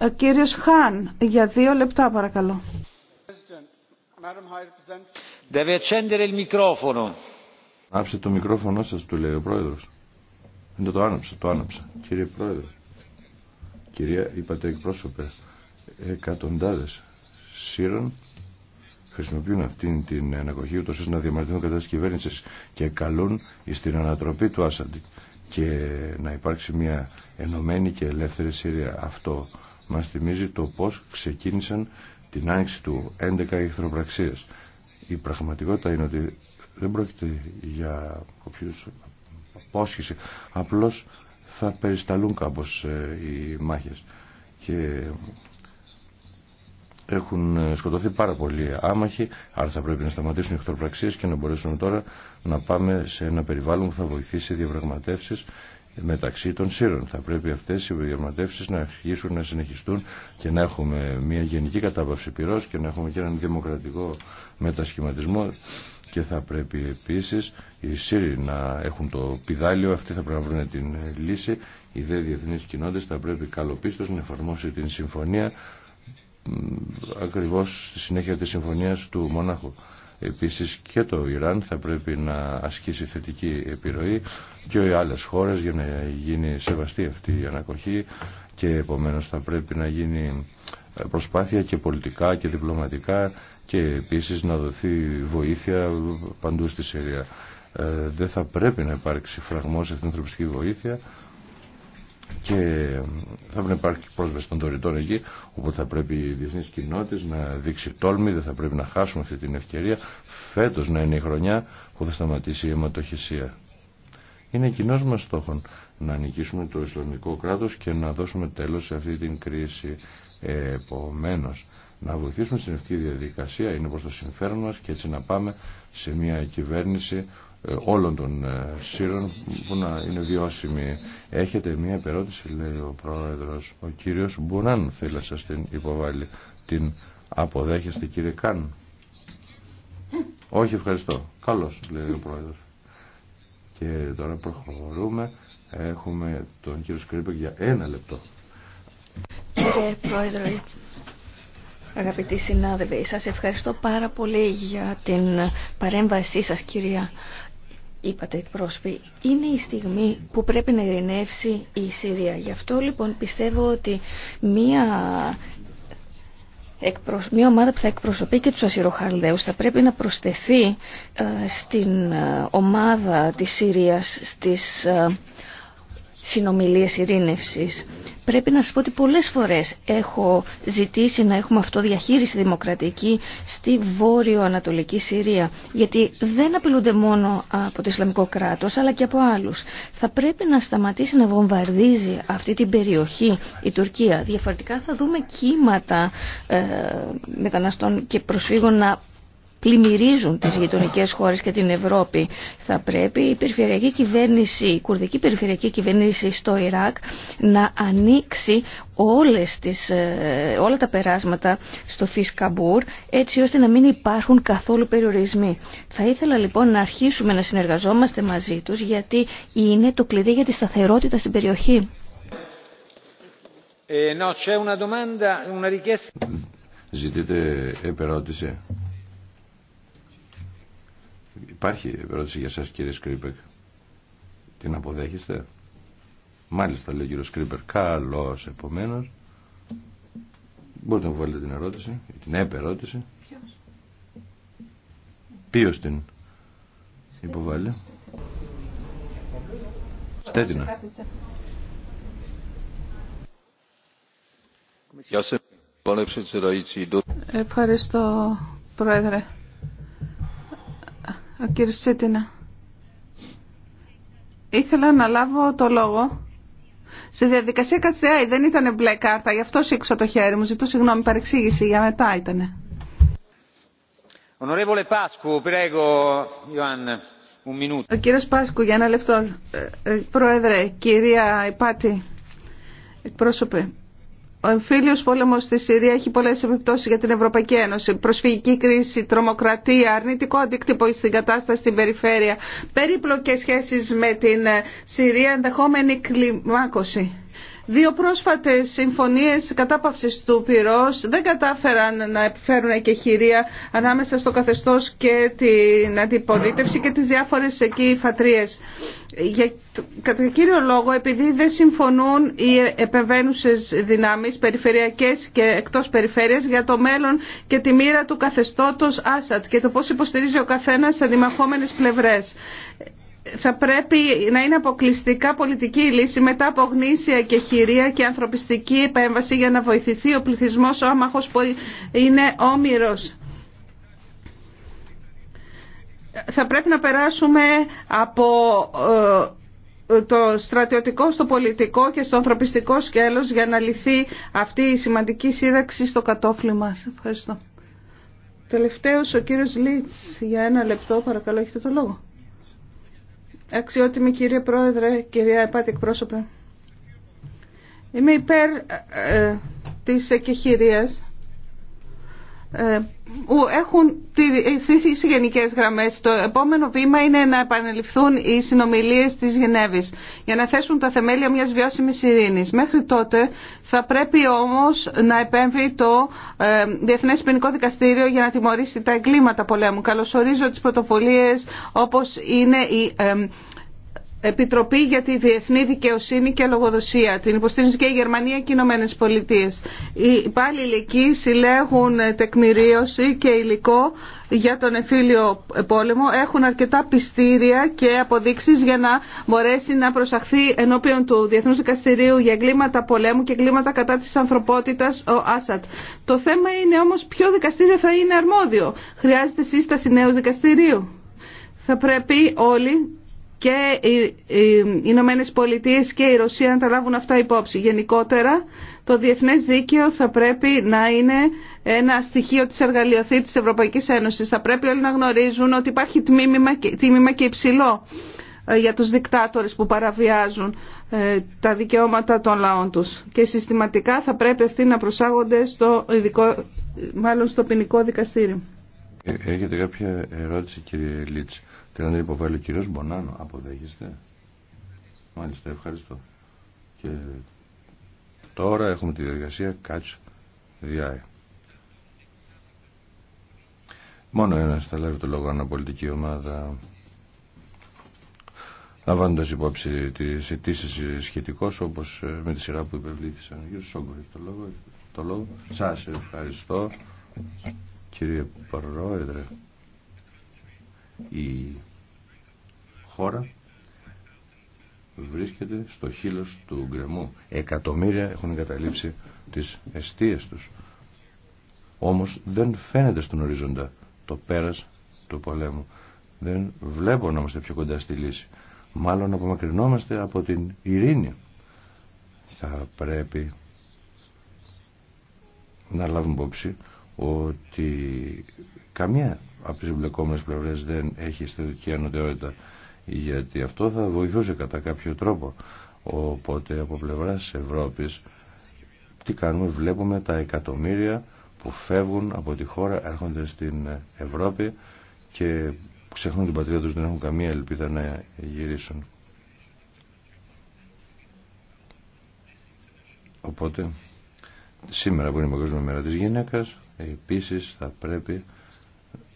Ο ε, κύριος Χάν, για δύο λεπτά παρακαλώ. Άψε το μικρόφωνο σας, του λέει ο Πρόεδρος. Δεν το άναψα, το άναψα. Κύριε Πρόεδρε, κυρία είπατε εκπρόσωπε, εκατοντάδες σύρων χρησιμοποιούν αυτήν την ανακοχή ούτως ώστε να διαμαρτυρούν κατά της κυβέρνησης και καλούν στην ανατροπή του Άσαντ και να υπάρξει μια ενωμένη και ελεύθερη Συρία. Αυτό μας θυμίζει το πώς ξεκίνησαν την άνοιξη του 11 εχθροπραξίες. Η πραγματικότητα είναι ότι δεν πρόκειται για κάποιους απόσχηση, Απλώς θα περισταλούν κάπως ε, οι μάχες. Και έχουν ε, σκοτωθεί πάρα πολλοί άμαχοι, άρα θα πρέπει να σταματήσουν οι εχθροπραξίες και να μπορέσουμε τώρα να πάμε σε ένα περιβάλλον που θα βοηθήσει διαπραγματεύσει μεταξύ των σύρων. Θα πρέπει αυτές οι διαπραγματεύσει να αρχίσουν να συνεχιστούν και να έχουμε μια γενική κατάπαυση πυρός και να έχουμε και έναν δημοκρατικό μετασχηματισμό και θα πρέπει επίσης οι Σύροι να έχουν το πιδάλιο, αυτοί θα πρέπει να βρουν την λύση. Οι δε διεθνεί κοινότητε, θα πρέπει καλοπίστως να εφαρμόσει την συμφωνία ακριβώς στη συνέχεια της συμφωνίας του Μονάχου. Επίσης και το Ιράν θα πρέπει να ασκήσει θετική επιρροή και οι άλλες χώρες για να γίνει σεβαστή αυτή η ανακοχή και επομένως θα πρέπει να γίνει προσπάθεια και πολιτικά και διπλωματικά και επίσης να δοθεί βοήθεια παντού στη Συρία. Ε, δεν θα πρέπει να υπάρξει φραγμός στην ανθρωπιστική βοήθεια και θα πρέπει να υπάρχει πρόσβαση των δωρητών εκεί, οπότε θα πρέπει η διεθνή κοινότητα να δείξει τόλμη, δεν θα πρέπει να χάσουμε αυτή την ευκαιρία. Φέτο να είναι η χρονιά που θα σταματήσει η αιματοχυσία. Είναι κοινό μα στόχο να νικήσουμε το Ισλαμικό κράτο και να δώσουμε τέλο σε αυτή την κρίση. Επομένω, να βοηθήσουμε στην ευκαιρία διαδικασία είναι προ το συμφέρον μα και έτσι να πάμε σε μια κυβέρνηση ε, όλων των ε, σύρων που να είναι βιώσιμοι. Έχετε μία περώτηση, λέει ο πρόεδρος. Ο κύριος Μπουράν θέλει να σας την υποβάλει. Την αποδέχεστε κύριε Καν. Όχι, ευχαριστώ. Καλώς, λέει ο πρόεδρος. Και τώρα προχωρούμε. Έχουμε τον κύριο Σκρίπεκ για ένα λεπτό. Κύριε Πρόεδρε, αγαπητοί συνάδελφοι, σας ευχαριστώ πάρα πολύ για την παρέμβασή σας, κυρία είπατε εκπρόσωποι, είναι η στιγμή που πρέπει να ειρηνεύσει η Συρία. Γι' αυτό λοιπόν πιστεύω ότι μία μια ομάδα που θα εκπροσωπεί και τους ασυροχαλδαίους θα πρέπει να προσθεθεί ε, στην ε, ομάδα της Συρίας στις ε, συνομιλίες ειρήνευσης. Πρέπει να σας πω ότι πολλές φορές έχω ζητήσει να έχουμε αυτοδιαχείριση δημοκρατική στη βόρειο-ανατολική Συρία, γιατί δεν απειλούνται μόνο από το Ισλαμικό κράτος, αλλά και από άλλους. Θα πρέπει να σταματήσει να βομβαρδίζει αυτή την περιοχή η Τουρκία. Διαφορετικά θα δούμε κύματα ε, μεταναστών και προσφύγων να πλημμυρίζουν τις γειτονικές χώρες και την Ευρώπη. Θα πρέπει η περιφερειακή κυβέρνηση, η κουρδική περιφερειακή κυβέρνηση στο Ιράκ να ανοίξει όλες τις, ε, όλα τα περάσματα στο Φισκαμπούρ έτσι ώστε να μην υπάρχουν καθόλου περιορισμοί. Θα ήθελα λοιπόν να αρχίσουμε να συνεργαζόμαστε μαζί τους γιατί είναι το κλειδί για τη σταθερότητα στην περιοχή. Ε, Υπάρχει ερώτηση για σας κύριε Σκρίπεκ. Την αποδέχεστε. Μάλιστα λέει ο κύριος Σκρίπερ. Καλώς επομένως. Μπορείτε να βάλετε την ερώτηση, την επερώτηση. Ποιος. Ποιος την υποβάλλει. Στέτινα. Ευχαριστώ, Πρόεδρε. Κύριε Σίτινα, ήθελα να λάβω το λόγο. Στη διαδικασία Κατσιάη ε, δεν ήταν μπλε κάρτα, γι' αυτό σήκωσα το χέρι μου. Ζητώ συγγνώμη, παρεξήγηση για μετά ήτανε. Ο κύριος Πάσκου, για ένα λεπτό. Ε, ε, πρόεδρε, κυρία Υπάτη, εκπρόσωπε, ο εμφύλιος πόλεμο στη Συρία έχει πολλέ επιπτώσει για την Ευρωπαϊκή Ένωση. Προσφυγική κρίση, τρομοκρατία, αρνητικό αντίκτυπο στην κατάσταση στην περιφέρεια, περίπλοκες σχέσεις με την ε, Συρία, ενδεχόμενη κλιμάκωση. Δύο πρόσφατες συμφωνίες κατάπαυσης του πυρός δεν κατάφεραν να επιφέρουν και χειρία ανάμεσα στο καθεστώς και την αντιπολίτευση και τις διάφορες εκεί φατρίες. Για, κατά κύριο λόγο, επειδή δεν συμφωνούν οι επεμβαίνουσες δυνάμεις περιφερειακές και εκτός περιφέρειας για το μέλλον και τη μοίρα του καθεστώτος Άσαντ και το πώς υποστηρίζει ο καθένα σε πλευρέ. πλευρές θα πρέπει να είναι αποκλειστικά πολιτική η λύση μετά από γνήσια και χειρία και ανθρωπιστική επέμβαση για να βοηθηθεί ο πληθυσμός ο άμαχος που είναι όμοιρος. Θα πρέπει να περάσουμε από ε, το στρατιωτικό στο πολιτικό και στο ανθρωπιστικό σκέλος για να λυθεί αυτή η σημαντική σύραξη στο κατόφλι μας. Ευχαριστώ. Τελευταίος ο κύριος Λίτς για ένα λεπτό παρακαλώ έχετε το λόγο. Αξιότιμη κύριε Πρόεδρε, κυρία Επάτη εκπρόσωπε. Είμαι υπέρ ε, ε της εκεχηρίας που ε, έχουν οι ε, γενικές γραμμές. Το επόμενο βήμα είναι να επανεληφθούν οι συνομιλίες της Γενέβης για να θέσουν τα θεμέλια μιας βιώσιμης ειρήνης. Μέχρι τότε θα πρέπει όμως να επέμβει το ε, Διεθνές Ποινικό Δικαστήριο για να τιμωρήσει τα εγκλήματα πολέμου. Καλωσορίζω τις πρωτοβουλίε όπως είναι η Επιτροπή για τη Διεθνή Δικαιοσύνη και Λογοδοσία. Την υποστηρίζει και η Γερμανία και οι Ηνωμένε Πολιτείε. Οι υπάλληλοι εκεί συλλέγουν ε, τεκμηρίωση και υλικό για τον εφήλιο πόλεμο. Έχουν αρκετά πιστήρια και αποδείξει για να μπορέσει να προσαχθεί ενώπιον του Διεθνού Δικαστηρίου για εγκλήματα πολέμου και εγκλήματα κατά τη ανθρωπότητα ο Άσαντ. Το θέμα είναι όμω ποιο δικαστήριο θα είναι αρμόδιο. Χρειάζεται σύσταση νέου δικαστηρίου. Θα πρέπει όλοι και οι Ηνωμένε Πολιτείε και η Ρωσία να τα λάβουν αυτά υπόψη. Γενικότερα, το διεθνές δίκαιο θα πρέπει να είναι ένα στοιχείο της εργαλειοθή της Ευρωπαϊκής Ένωσης. Θα πρέπει όλοι να γνωρίζουν ότι υπάρχει τμήμα και, υψηλό ε, για τους δικτάτορες που παραβιάζουν ε, τα δικαιώματα των λαών τους. Και συστηματικά θα πρέπει αυτοί να προσάγονται στο, ειδικό, μάλλον στο ποινικό δικαστήριο. Ε, έχετε κάποια ερώτηση κύριε Λίτση και αν δεν υποβάλλει ο κύριος Μπονάνο. Αποδέχεστε. Μάλιστα, ευχαριστώ. Και τώρα έχουμε τη διαδικασία Catch the Eye. Μόνο ένα θα λάβει το λόγο αναπολιτική ομάδα λαμβάνοντα υπόψη τι αιτήσει σχετικώ όπω ε, με τη σειρά που υπευλήθησαν. Κύριο Σόγκο, έχει το λόγο. Το λόγο. Σα ευχαριστώ, κύριε Πρόεδρε η χώρα βρίσκεται στο χείλος του γκρεμού. Εκατομμύρια έχουν εγκαταλείψει τις αιστείες τους. Όμως δεν φαίνεται στον οριζόντα το πέρας του πολέμου. Δεν βλέπω να είμαστε πιο κοντά στη λύση. Μάλλον απομακρυνόμαστε από την ειρήνη. Θα πρέπει να λάβουμε υπόψη ότι καμία από τις εμπλεκόμενες πλευρές δεν έχει ιστορική ανωτερότητα γιατί αυτό θα βοηθούσε κατά κάποιο τρόπο οπότε από πλευράς Ευρώπης τι κάνουμε βλέπουμε τα εκατομμύρια που φεύγουν από τη χώρα έρχονται στην Ευρώπη και ξεχνούν την πατρίδα τους δεν έχουν καμία ελπίδα να γυρίσουν οπότε σήμερα που είναι η Παγκόσμια Μέρα της Γυναίκας επίσης θα πρέπει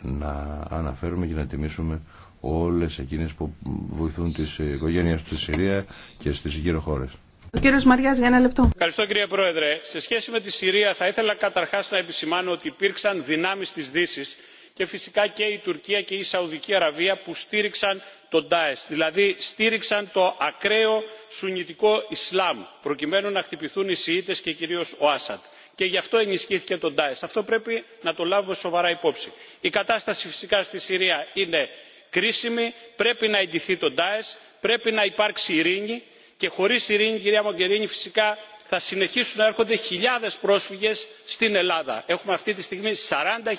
να αναφέρουμε και να τιμήσουμε όλες εκείνες που βοηθούν τις οικογένειες του στη Συρία και στις γύρω χώρες. Ο κύριος Μαριάς για ένα λεπτό. Ευχαριστώ κύριε Πρόεδρε. Σε σχέση με τη Συρία θα ήθελα καταρχάς να επισημάνω ότι υπήρξαν δυνάμεις της Δύσης και φυσικά και η Τουρκία και η Σαουδική Αραβία που στήριξαν τον ΤΑΕΣ. δηλαδή στήριξαν το ακραίο σουνητικό Ισλάμ προκειμένου να χτυπηθούν οι Σιήτες και κυρίως ο Άσαντ και γι' αυτό ενισχύθηκε το Ντάεσ. Αυτό πρέπει να το λάβουμε σοβαρά υπόψη. Η κατάσταση φυσικά στη Συρία είναι κρίσιμη, πρέπει να εντυθεί το Ντάεσ, πρέπει να υπάρξει ειρήνη και χωρίς ειρήνη κυρία Μογκερίνη φυσικά θα συνεχίσουν να έρχονται χιλιάδες πρόσφυγες στην Ελλάδα. Έχουμε αυτή τη στιγμή 40.000.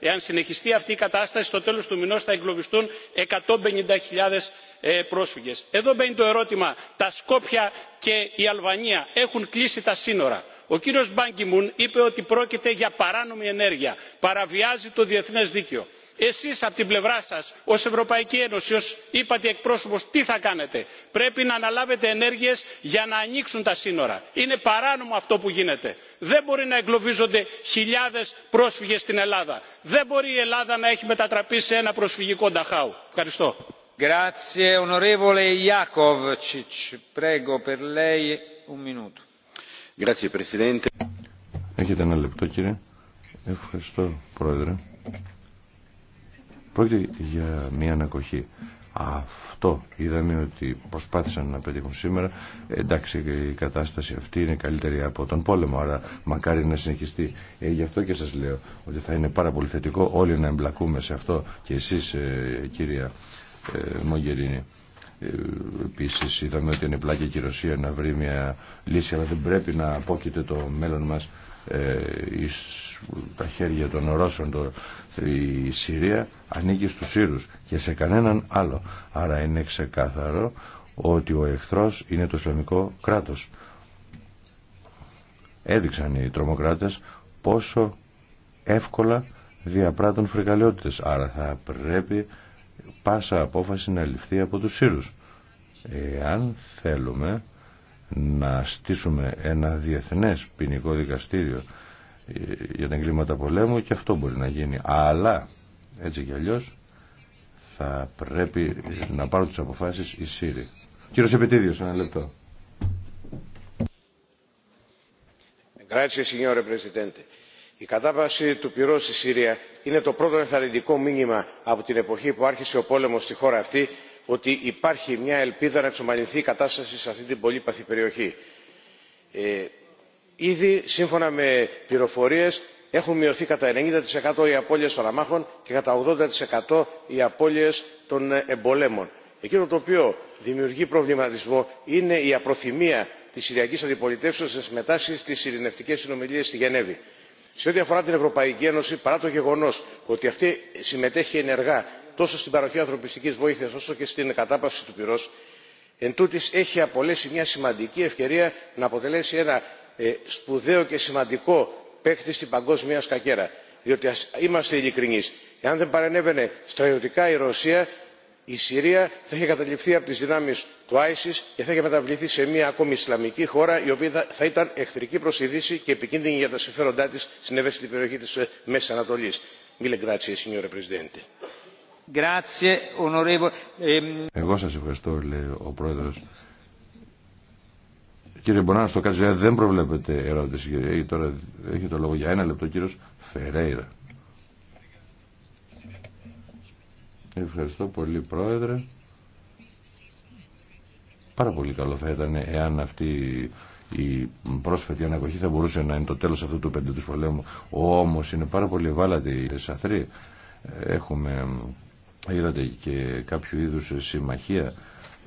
Εάν συνεχιστεί αυτή η κατάσταση, στο τέλος του μηνός θα εγκλωβιστούν 150.000 ε, πρόσφυγες. Εδώ μπαίνει το ερώτημα. Τα Σκόπια και η Αλβανία έχουν κλείσει τα σύνορα ο κύριος μπαν είπε ότι πρόκειται για παράνομη ενέργεια παραβιάζει το διεθνές δίκαιο. εσείς από την πλευρά σας ως ευρωπαϊκή ένωση ως ύπατη εκπρόσωπος τι θα κάνετε; πρέπει να αναλάβετε ενέργειες για να ανοίξουν τα σύνορα. είναι παράνομο αυτό που γίνεται. δεν μπορεί να εγκλωβίζονται χιλιάδες πρόσφυγες στην ελλάδα. δεν μπορεί η ελλάδα να έχει μετατραπεί σε ένα προσφυγικό νταχάου. ευχαριστώ. Έχετε ένα λεπτό κύριε. Ευχαριστώ πρόεδρε. Πρόκειται για μια ανακοχή. Αυτό είδαμε ότι προσπάθησαν να πετύχουν σήμερα. Εντάξει η κατάσταση αυτή είναι καλύτερη από τον πόλεμο, άρα μακάρι να συνεχιστεί. Ε, γι' αυτό και σας λέω ότι θα είναι πάρα πολύ θετικό όλοι να εμπλακούμε σε αυτό και εσείς ε, κυρία ε, Επίση είδαμε ότι είναι πλάκια και η Ρωσία να βρει μια λύση, αλλά δεν πρέπει να απόκειται το μέλλον μα ε, τα χέρια των Ρώσων το, η Συρία ανήκει στους Σύρους και σε κανέναν άλλο άρα είναι ξεκάθαρο ότι ο εχθρός είναι το Ισλαμικό κράτος έδειξαν οι τρομοκράτες πόσο εύκολα διαπράττουν φρικαλαιότητες άρα θα πρέπει πάσα απόφαση να ληφθεί από τους Σύρους. Εάν θέλουμε να στήσουμε ένα διεθνές ποινικό δικαστήριο ε, για τα εγκλήματα πολέμου και αυτό μπορεί να γίνει. Αλλά έτσι κι άλλιω θα πρέπει να πάρουν τις αποφάσεις οι Σύροι. Κύριος Επιτίδιος, ένα λεπτό. Grazie, signore Presidente η κατάβαση του πυρός στη συρία είναι το πρώτο ενθαρρυντικό μήνυμα από την εποχή που άρχισε ο πόλεμος στη χώρα αυτή ότι υπάρχει μια ελπίδα να εξομαλυνθεί η κατάσταση σε αυτή την πολύπαθη περιοχή. Ε, ήδη σύμφωνα με πληροφορίες έχουν μειωθεί κατά 90% οι απώλειες των αμάχων και κατά 80% οι απώλειες των εμπολέμων. Εκείνο το οποίο δημιουργεί προβληματισμό είναι η απροθυμία της Συριακής Αντιπολιτεύσεως να συμμετάσχει στις ειρηνευτικές συνομιλίες στη Γενέβη σε ό,τι αφορά την ευρωπαϊκή ένωση παρά το γεγονό ότι αυτή συμμετέχει ενεργά τόσο στην παροχή ανθρωπιστική βοήθεια όσο και στην κατάπαυση του πυρό εντούτοις έχει απολέσει μια σημαντική ευκαιρία να αποτελέσει ένα ε, σπουδαίο και σημαντικό παίκτη στην παγκόσμια σκακέρα διότι α είμαστε ειλικρινεί εάν δεν παρενέβαινε στρατιωτικά η ρωσία η συρία θα είχε καταληφθεί από τις δυνάμεις του isis και θα είχε μεταβληθεί σε μια ακόμη ισλαμική χώρα η οποία θα ήταν εχθρική προς τη δύση και επικίνδυνη για τα συμφέροντά της στην ευαίσθητη περιοχή της ε, μέσης ανατολής. Ehm, Εγώ σας ευχαριστώ, λέει ο Πρόεδρος. Κύριε Μπονάνα, στο Καζιά δεν προβλέπετε ερώτηση. Τώρα έχει το λόγο για ένα λεπτό ο κύριος Φερέιρα. Ευχαριστώ πολύ Πρόεδρε. Πάρα πολύ καλό θα ήταν εάν αυτή η πρόσφατη ανακοχή θα μπορούσε να είναι το τέλος αυτού του πεντήτους πολέμου. Όμως είναι πάρα πολύ ευάλωτη η σαθρή. Έχουμε, είδατε και κάποιο είδους συμμαχία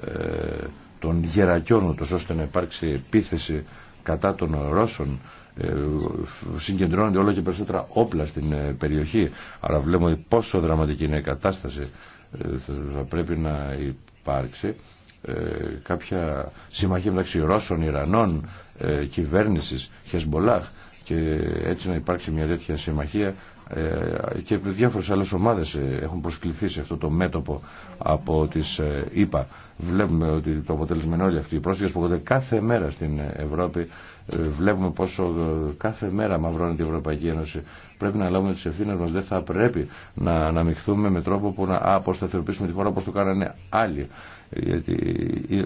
ε, των γερακιών ούτως ώστε να υπάρξει επίθεση κατά των Ρώσων ε, συγκεντρώνονται όλο και περισσότερα όπλα στην ε, περιοχή. Άρα βλέπουμε πόσο δραματική είναι η κατάσταση. Ε, θα πρέπει να υπάρξει κάποια συμμαχία μεταξύ Ρώσων, Ιρανών, κυβέρνησης, Χεσμπολάχ και έτσι να υπάρξει μια τέτοια συμμαχία ε, και διάφορες άλλες ομάδες ε, έχουν προσκληθεί σε αυτό το μέτωπο από τις ε, ΗΠΑ. Βλέπουμε ότι το αποτέλεσμα είναι όλοι αυτοί οι πρόσφυγες που έρχονται κάθε μέρα στην Ευρώπη. Βλέπουμε πόσο κάθε μέρα μαυρώνεται η Ευρωπαϊκή Ένωση. Πρέπει να λάβουμε τις ευθύνες μας. Δεν θα πρέπει να αναμειχθούμε με τρόπο που να αποσταθεροποιήσουμε τη χώρα όπως το κάνανε άλλοι. Γιατί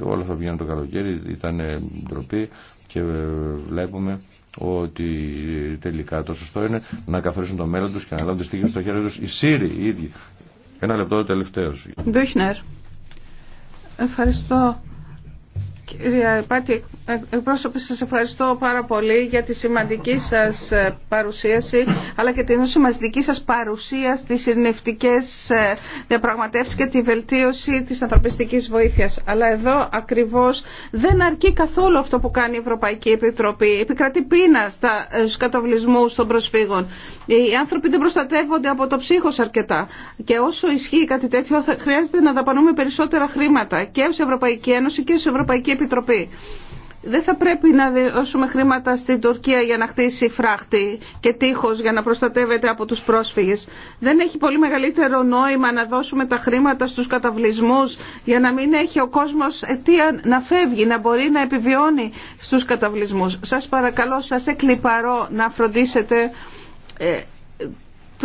όλα θα πηγαίνουν το καλοκαίρι, ήταν ντροπή και βλέπουμε ότι τελικά το σωστό είναι να καθορίσουν το μέλλον τους και να λάβουν τις στήριξη στο χέρι τους οι Σύριοι οι ίδιοι. Ένα λεπτό τελευταίος. Ευχαριστώ Κυρία Πάτη, εκπρόσωπη, σας ευχαριστώ πάρα πολύ για τη σημαντική σας ε, παρουσίαση αλλά και την σημαντική σας παρουσία στις ειρηνευτικές ε, διαπραγματεύσεις και τη βελτίωση της ανθρωπιστικής βοήθειας. Αλλά εδώ ακριβώς δεν αρκεί καθόλου αυτό που κάνει η Ευρωπαϊκή Επιτροπή. Επικρατεί πείνα ε, στους καταβλισμούς των προσφύγων. Οι άνθρωποι δεν προστατεύονται από το ψύχος αρκετά. Και όσο ισχύει κάτι τέτοιο χρειάζεται να δαπανούμε περισσότερα χρήματα και Ευρωπαϊκή Ένωση και Ευρωπαϊκή Επιτροπή. Δεν θα πρέπει να δώσουμε χρήματα στην Τουρκία για να χτίσει φράχτη και τείχος για να προστατεύεται από τους πρόσφυγες. Δεν έχει πολύ μεγαλύτερο νόημα να δώσουμε τα χρήματα στους καταβλισμούς για να μην έχει ο κόσμος αιτία να φεύγει, να μπορεί να επιβιώνει στους καταβλισμούς. Σας παρακαλώ, σας εκλυπαρώ να φροντίσετε ε,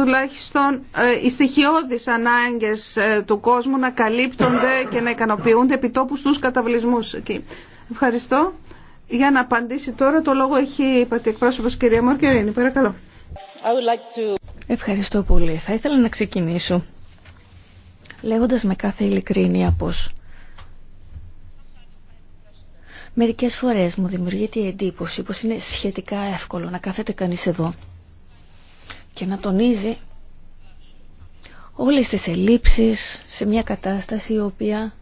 τουλάχιστον ε, οι στοιχειώδεις ανάγκες ε, του κόσμου να καλύπτονται και να ικανοποιούνται επιτόπου στους καταβλισμούς εκεί. Ευχαριστώ. Για να απαντήσει τώρα, το λόγο έχει η κυρία Μορκερίνη. Παρακαλώ. Ευχαριστώ πολύ. Θα ήθελα να ξεκινήσω λέγοντας με κάθε ειλικρίνεια πως μερικές φορές μου δημιουργείται η εντύπωση πως είναι σχετικά εύκολο να κάθεται κανείς εδώ και να τονίζει όλες τις ελλείψεις σε μια κατάσταση η οποία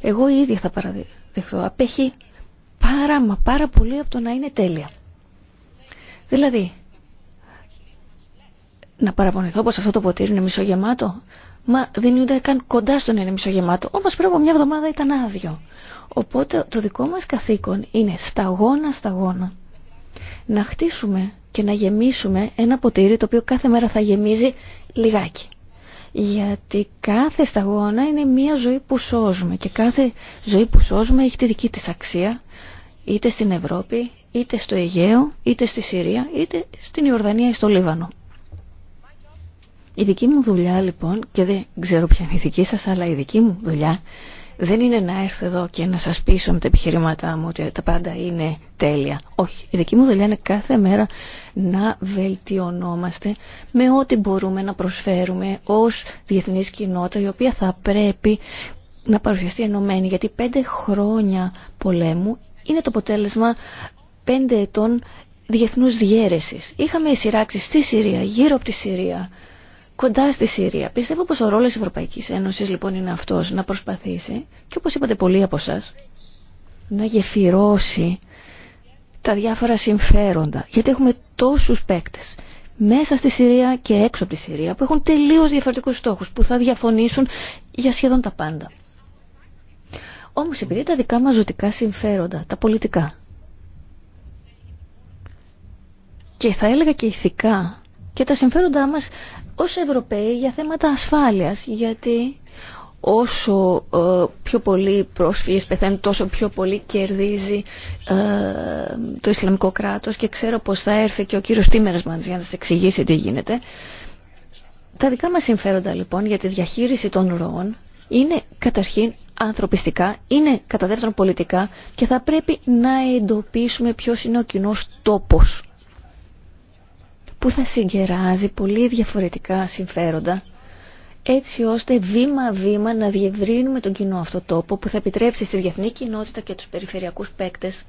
εγώ ίδια θα παραδεχθώ απέχει πάρα μα πάρα πολύ από το να είναι τέλεια. Δηλαδή, να παραπονηθώ πως αυτό το ποτήρι είναι μισογεμάτο, μα δεν είναι καν κοντά στο να είναι μισογεμάτο. Όμως πριν μια εβδομάδα ήταν άδειο. Οπότε το δικό μας καθήκον είναι σταγόνα σταγόνα να χτίσουμε και να γεμίσουμε ένα ποτήρι το οποίο κάθε μέρα θα γεμίζει λιγάκι. Γιατί κάθε σταγόνα είναι μια ζωή που σώζουμε και κάθε ζωή που σώζουμε έχει τη δική της αξία είτε στην Ευρώπη, είτε στο Αιγαίο, είτε στη Συρία, είτε στην Ιορδανία ή στο Λίβανο. Η δική μου δουλειά λοιπόν, και δεν ξέρω ποια είναι η δική σας, αλλά η δική μου δουλειά δεν είναι να έρθω εδώ και να σας πείσω με τα επιχειρήματά μου ότι τα πάντα είναι τέλεια. Όχι, η δική μου δουλειά είναι κάθε μέρα να βελτιωνόμαστε με ό,τι μπορούμε να προσφέρουμε ως διεθνής κοινότητα η οποία θα πρέπει να παρουσιαστεί ενωμένη γιατί πέντε χρόνια πολέμου είναι το αποτέλεσμα πέντε ετών διεθνούς διέρεσης. Είχαμε σειράξει στη Συρία, γύρω από τη Συρία κοντά στη Συρία. Πιστεύω πως ο ρόλος της Ευρωπαϊκής Ένωσης λοιπόν είναι αυτός να προσπαθήσει και όπως είπατε πολλοί από εσά, να γεφυρώσει τα διάφορα συμφέροντα. Γιατί έχουμε τόσους παίκτες μέσα στη Συρία και έξω από τη Συρία που έχουν τελείως διαφορετικούς στόχους που θα διαφωνήσουν για σχεδόν τα πάντα. Όμως επειδή τα δικά μας ζωτικά συμφέροντα, τα πολιτικά και θα έλεγα και ηθικά και τα συμφέροντά μας ως Ευρωπαίοι για θέματα ασφάλειας. Γιατί όσο ε, πιο πολλοί πρόσφυγες πεθαίνουν, τόσο πιο πολύ κερδίζει ε, το Ισλαμικό κράτος και ξέρω πως θα έρθει και ο κύριος μας για να σας εξηγήσει τι γίνεται. Τα δικά μας συμφέροντα λοιπόν για τη διαχείριση των ροών είναι καταρχήν ανθρωπιστικά, είναι κατά δεύτερον πολιτικά και θα πρέπει να εντοπίσουμε ποιος είναι ο κοινός τόπος που θα συγκεράζει πολύ διαφορετικά συμφέροντα έτσι ώστε βήμα-βήμα να διευρύνουμε τον κοινό αυτό τόπο που θα επιτρέψει στη διεθνή κοινότητα και τους περιφερειακούς παίκτες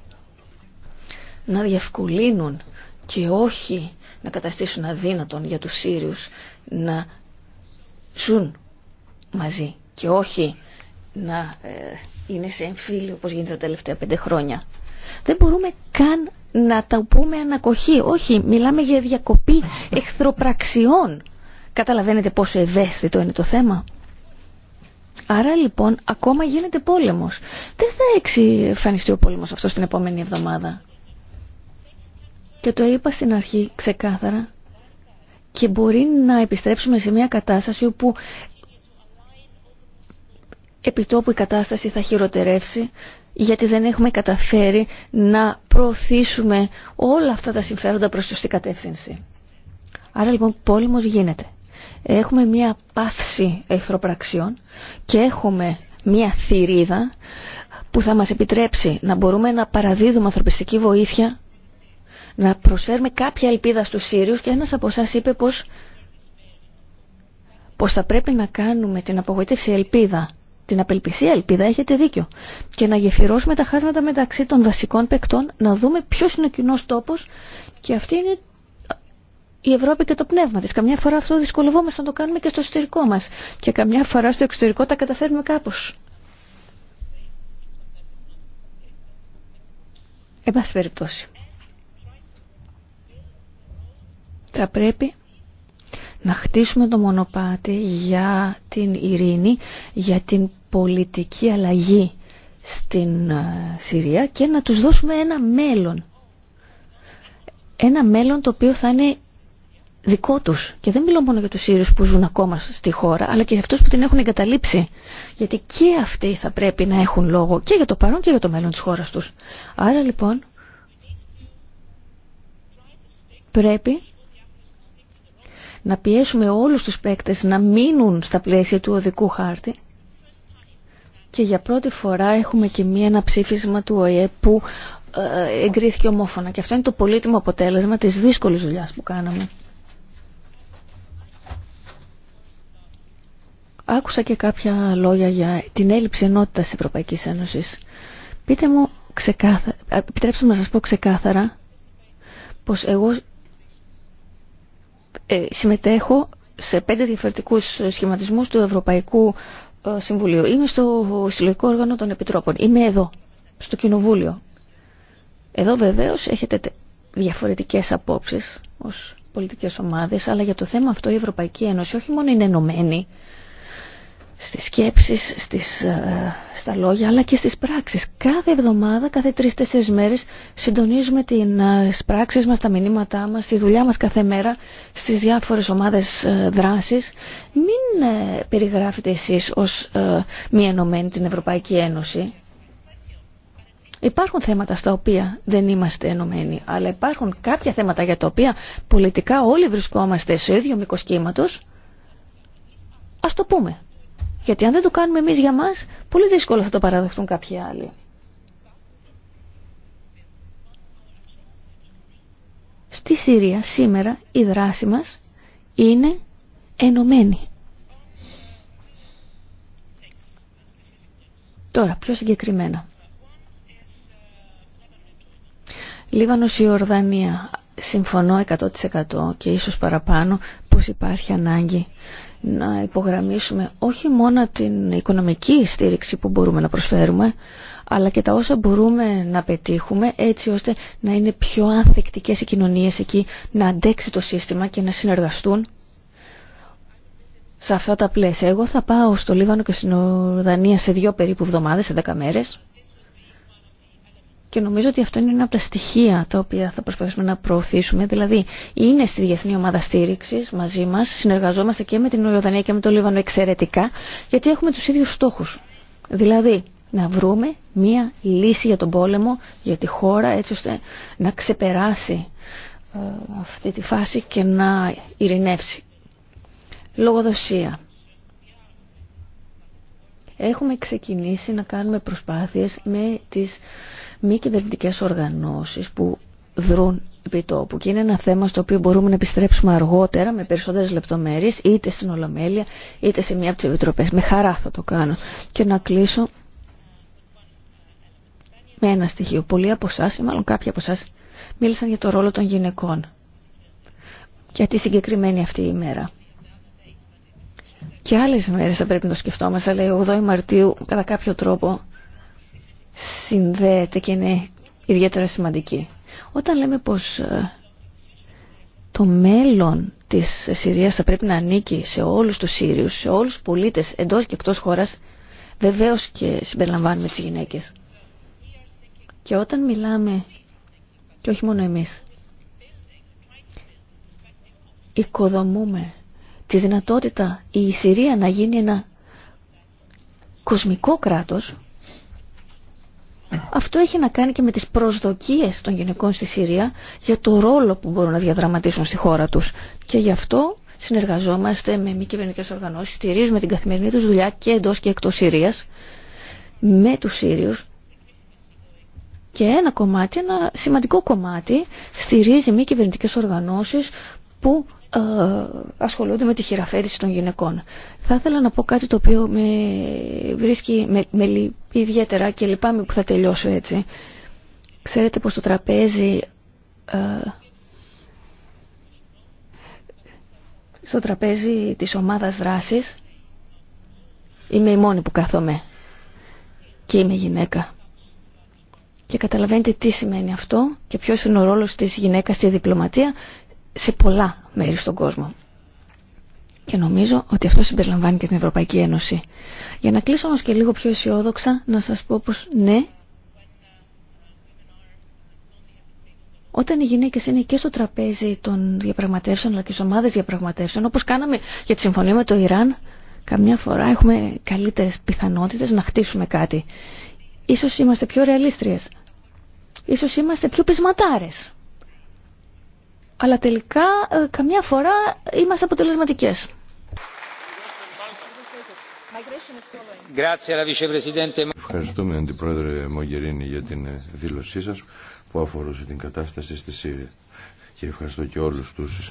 να διευκολύνουν και όχι να καταστήσουν αδύνατον για τους Σύριους να ζουν μαζί και όχι να ε, είναι σε εμφύλιο όπως γίνεται τα τελευταία πέντε χρόνια. Δεν μπορούμε καν να τα πούμε ανακοχή. Όχι, μιλάμε για διακοπή εχθροπραξιών. Καταλαβαίνετε πόσο ευαίσθητο είναι το θέμα. Άρα λοιπόν ακόμα γίνεται πόλεμος. Δεν θα εξεφανιστεί ο πόλεμος αυτός την επόμενη εβδομάδα. Και το είπα στην αρχή ξεκάθαρα και μπορεί να επιστρέψουμε σε μια κατάσταση όπου επιτόπου η κατάσταση θα χειροτερεύσει γιατί δεν έχουμε καταφέρει να προωθήσουμε όλα αυτά τα συμφέροντα προς σωστή κατεύθυνση. Άρα λοιπόν πόλεμος γίνεται. Έχουμε μία παύση εχθροπραξιών και έχουμε μία θηρίδα που θα μας επιτρέψει να μπορούμε να παραδίδουμε ανθρωπιστική βοήθεια, να προσφέρουμε κάποια ελπίδα στους Σύριους και ένας από εσάς είπε πως, θα πρέπει να κάνουμε την απογοήτευση ελπίδα την απελπισία ελπίδα, έχετε δίκιο. Και να γεφυρώσουμε τα χάσματα μεταξύ των βασικών παικτών, να δούμε ποιο είναι ο κοινό τόπο και αυτή είναι η Ευρώπη και το πνεύμα της. Καμιά φορά αυτό δυσκολευόμαστε να το κάνουμε και στο εσωτερικό μας και καμιά φορά στο εξωτερικό τα καταφέρνουμε κάπως. Εν πάση περιπτώσει. Θα πρέπει να χτίσουμε το μονοπάτι για την ειρήνη, για την πολιτική αλλαγή στην ε, Συρία και να τους δώσουμε ένα μέλλον. Ένα μέλλον το οποίο θα είναι δικό τους. Και δεν μιλώ μόνο για τους Σύριους που ζουν ακόμα στη χώρα, αλλά και για αυτούς που την έχουν εγκαταλείψει. Γιατί και αυτοί θα πρέπει να έχουν λόγο και για το παρόν και για το μέλλον της χώρας τους. Άρα λοιπόν πρέπει να πιέσουμε όλους τους παίκτες να μείνουν στα πλαίσια του οδικού χάρτη. Και για πρώτη φορά έχουμε και μία ένα ψήφισμα του ΟΕΕ που ε, εγκρίθηκε ομόφωνα. Και αυτό είναι το πολύτιμο αποτέλεσμα της δύσκολης δουλειάς που κάναμε. Άκουσα και κάποια λόγια για την έλλειψη ενότητας της Ευρωπαϊκής Ένωσης. Πείτε μου ξεκάθαρα, ε, επιτρέψτε μου να σας πω ξεκάθαρα πως εγώ ε, συμμετέχω σε πέντε διαφορετικούς σχηματισμούς του Ευρωπαϊκού ε, Συμβουλίου. Είμαι στο συλλογικό όργανο των Επιτρόπων. Είμαι εδώ, στο Κοινοβούλιο. Εδώ βεβαίως έχετε διαφορετικές απόψεις ως πολιτικές ομάδες, αλλά για το θέμα αυτό η Ευρωπαϊκή Ένωση όχι μόνο είναι ενωμένη, στις σκέψεις, στις, ε, στα λόγια αλλά και στις πράξεις. Κάθε εβδομάδα, κάθε τρεις-τέσσερις μέρες συντονίζουμε ε, τις πράξεις μας, τα μηνύματά μας, τη δουλειά μας κάθε μέρα στις διάφορες ομάδες ε, δράσης. Μην περιγράφετε εσείς ως μη ενωμένη την Ευρωπαϊκή Ένωση. Υπάρχουν θέματα στα οποία δεν είμαστε ενωμένοι, αλλά υπάρχουν κάποια θέματα για τα οποία πολιτικά όλοι βρισκόμαστε σε ίδιο μήκος Ας το πούμε. Γιατί αν δεν το κάνουμε εμείς για μας, πολύ δύσκολο θα το παραδεχτούν κάποιοι άλλοι. Στη Συρία σήμερα η δράση μας είναι ενωμένη. Τώρα, πιο συγκεκριμένα. Λίβανος η Ορδανία. Συμφωνώ 100% και ίσως παραπάνω πως υπάρχει ανάγκη να υπογραμμίσουμε όχι μόνο την οικονομική στήριξη που μπορούμε να προσφέρουμε, αλλά και τα όσα μπορούμε να πετύχουμε έτσι ώστε να είναι πιο ανθεκτικές οι κοινωνίες εκεί, να αντέξει το σύστημα και να συνεργαστούν σε αυτά τα πλαίσια. Εγώ θα πάω στο Λίβανο και στην Ορδανία σε δύο περίπου εβδομάδες, σε δέκα μέρες. Και νομίζω ότι αυτό είναι ένα από τα στοιχεία τα οποία θα προσπαθήσουμε να προωθήσουμε. Δηλαδή, είναι στη Διεθνή Ομάδα Στήριξη μαζί μα, συνεργαζόμαστε και με την Ιορδανία και με το Λίβανο εξαιρετικά, γιατί έχουμε του ίδιου στόχου. Δηλαδή, να βρούμε μία λύση για τον πόλεμο, για τη χώρα, έτσι ώστε να ξεπεράσει ε, αυτή τη φάση και να ειρηνεύσει. Λογοδοσία. Έχουμε ξεκινήσει να κάνουμε προσπάθειες με τις μη κυβερνητικέ οργανώσει που δρούν επί τόπου. και είναι ένα θέμα στο οποίο μπορούμε να επιστρέψουμε αργότερα με περισσότερε λεπτομέρειε, είτε στην Ολομέλεια είτε σε μια από τι επιτροπέ. Με χαρά θα το κάνω. Και να κλείσω με ένα στοιχείο. Πολλοί από εσά, ή μάλλον κάποιοι από εσά, μίλησαν για το ρόλο των γυναικών. Για τη συγκεκριμένη αυτή η μέρα. Και άλλες μέρες θα πρέπει να το σκεφτόμαστε, αλλά η 8η Μαρτίου κατά κάποιο τρόπο συνδέεται και είναι ιδιαίτερα σημαντική. Όταν λέμε πως ε, το μέλλον της Συρίας θα πρέπει να ανήκει σε όλους τους Σύριους, σε όλους τους πολίτες εντός και εκτός χώρας, βεβαίως και συμπεριλαμβάνουμε τις γυναίκες. Και όταν μιλάμε, και όχι μόνο εμείς, οικοδομούμε τη δυνατότητα η Συρία να γίνει ένα κοσμικό κράτος, αυτό έχει να κάνει και με τις προσδοκίες των γυναικών στη Συρία για το ρόλο που μπορούν να διαδραματίσουν στη χώρα τους. Και γι' αυτό συνεργαζόμαστε με μη κυβερνητικέ οργανώσεις, στηρίζουμε την καθημερινή τους δουλειά και εντός και εκτός Συρίας με τους Σύριους και ένα κομμάτι, ένα σημαντικό κομμάτι στηρίζει μη κυβερνητικέ οργανώσεις που ε, ασχολούνται με τη χειραφέτηση των γυναικών. Θα ήθελα να πω κάτι το οποίο με βρίσκει, με, με ιδιαίτερα και λυπάμαι που θα τελειώσω έτσι. Ξέρετε πως το τραπέζι... Ε, στο τραπέζι της ομάδας δράσης είμαι η μόνη που κάθομαι και είμαι γυναίκα. Και καταλαβαίνετε τι σημαίνει αυτό και ποιος είναι ο ρόλος της γυναίκας στη διπλωματία σε πολλά μέρη στον κόσμο. Και νομίζω ότι αυτό συμπεριλαμβάνει και την Ευρωπαϊκή Ένωση. Για να κλείσω όμως και λίγο πιο αισιόδοξα, να σας πω πως ναι, όταν οι γυναίκε είναι και στο τραπέζι των διαπραγματεύσεων αλλά και στις ομάδες διαπραγματεύσεων, όπως κάναμε για τη συμφωνία με το Ιράν, καμιά φορά έχουμε καλύτερες πιθανότητες να χτίσουμε κάτι. Ίσως είμαστε πιο ρεαλίστριες. Ίσως είμαστε πιο πεισματάρες αλλά τελικά ε, καμιά φορά είμαστε αποτελεσματικέ. Ευχαριστούμε Αντιπρόεδρε Μογγερίνη για την ε, δήλωσή σας που αφορούσε την κατάσταση στη Σύρια και ευχαριστώ και όλους τους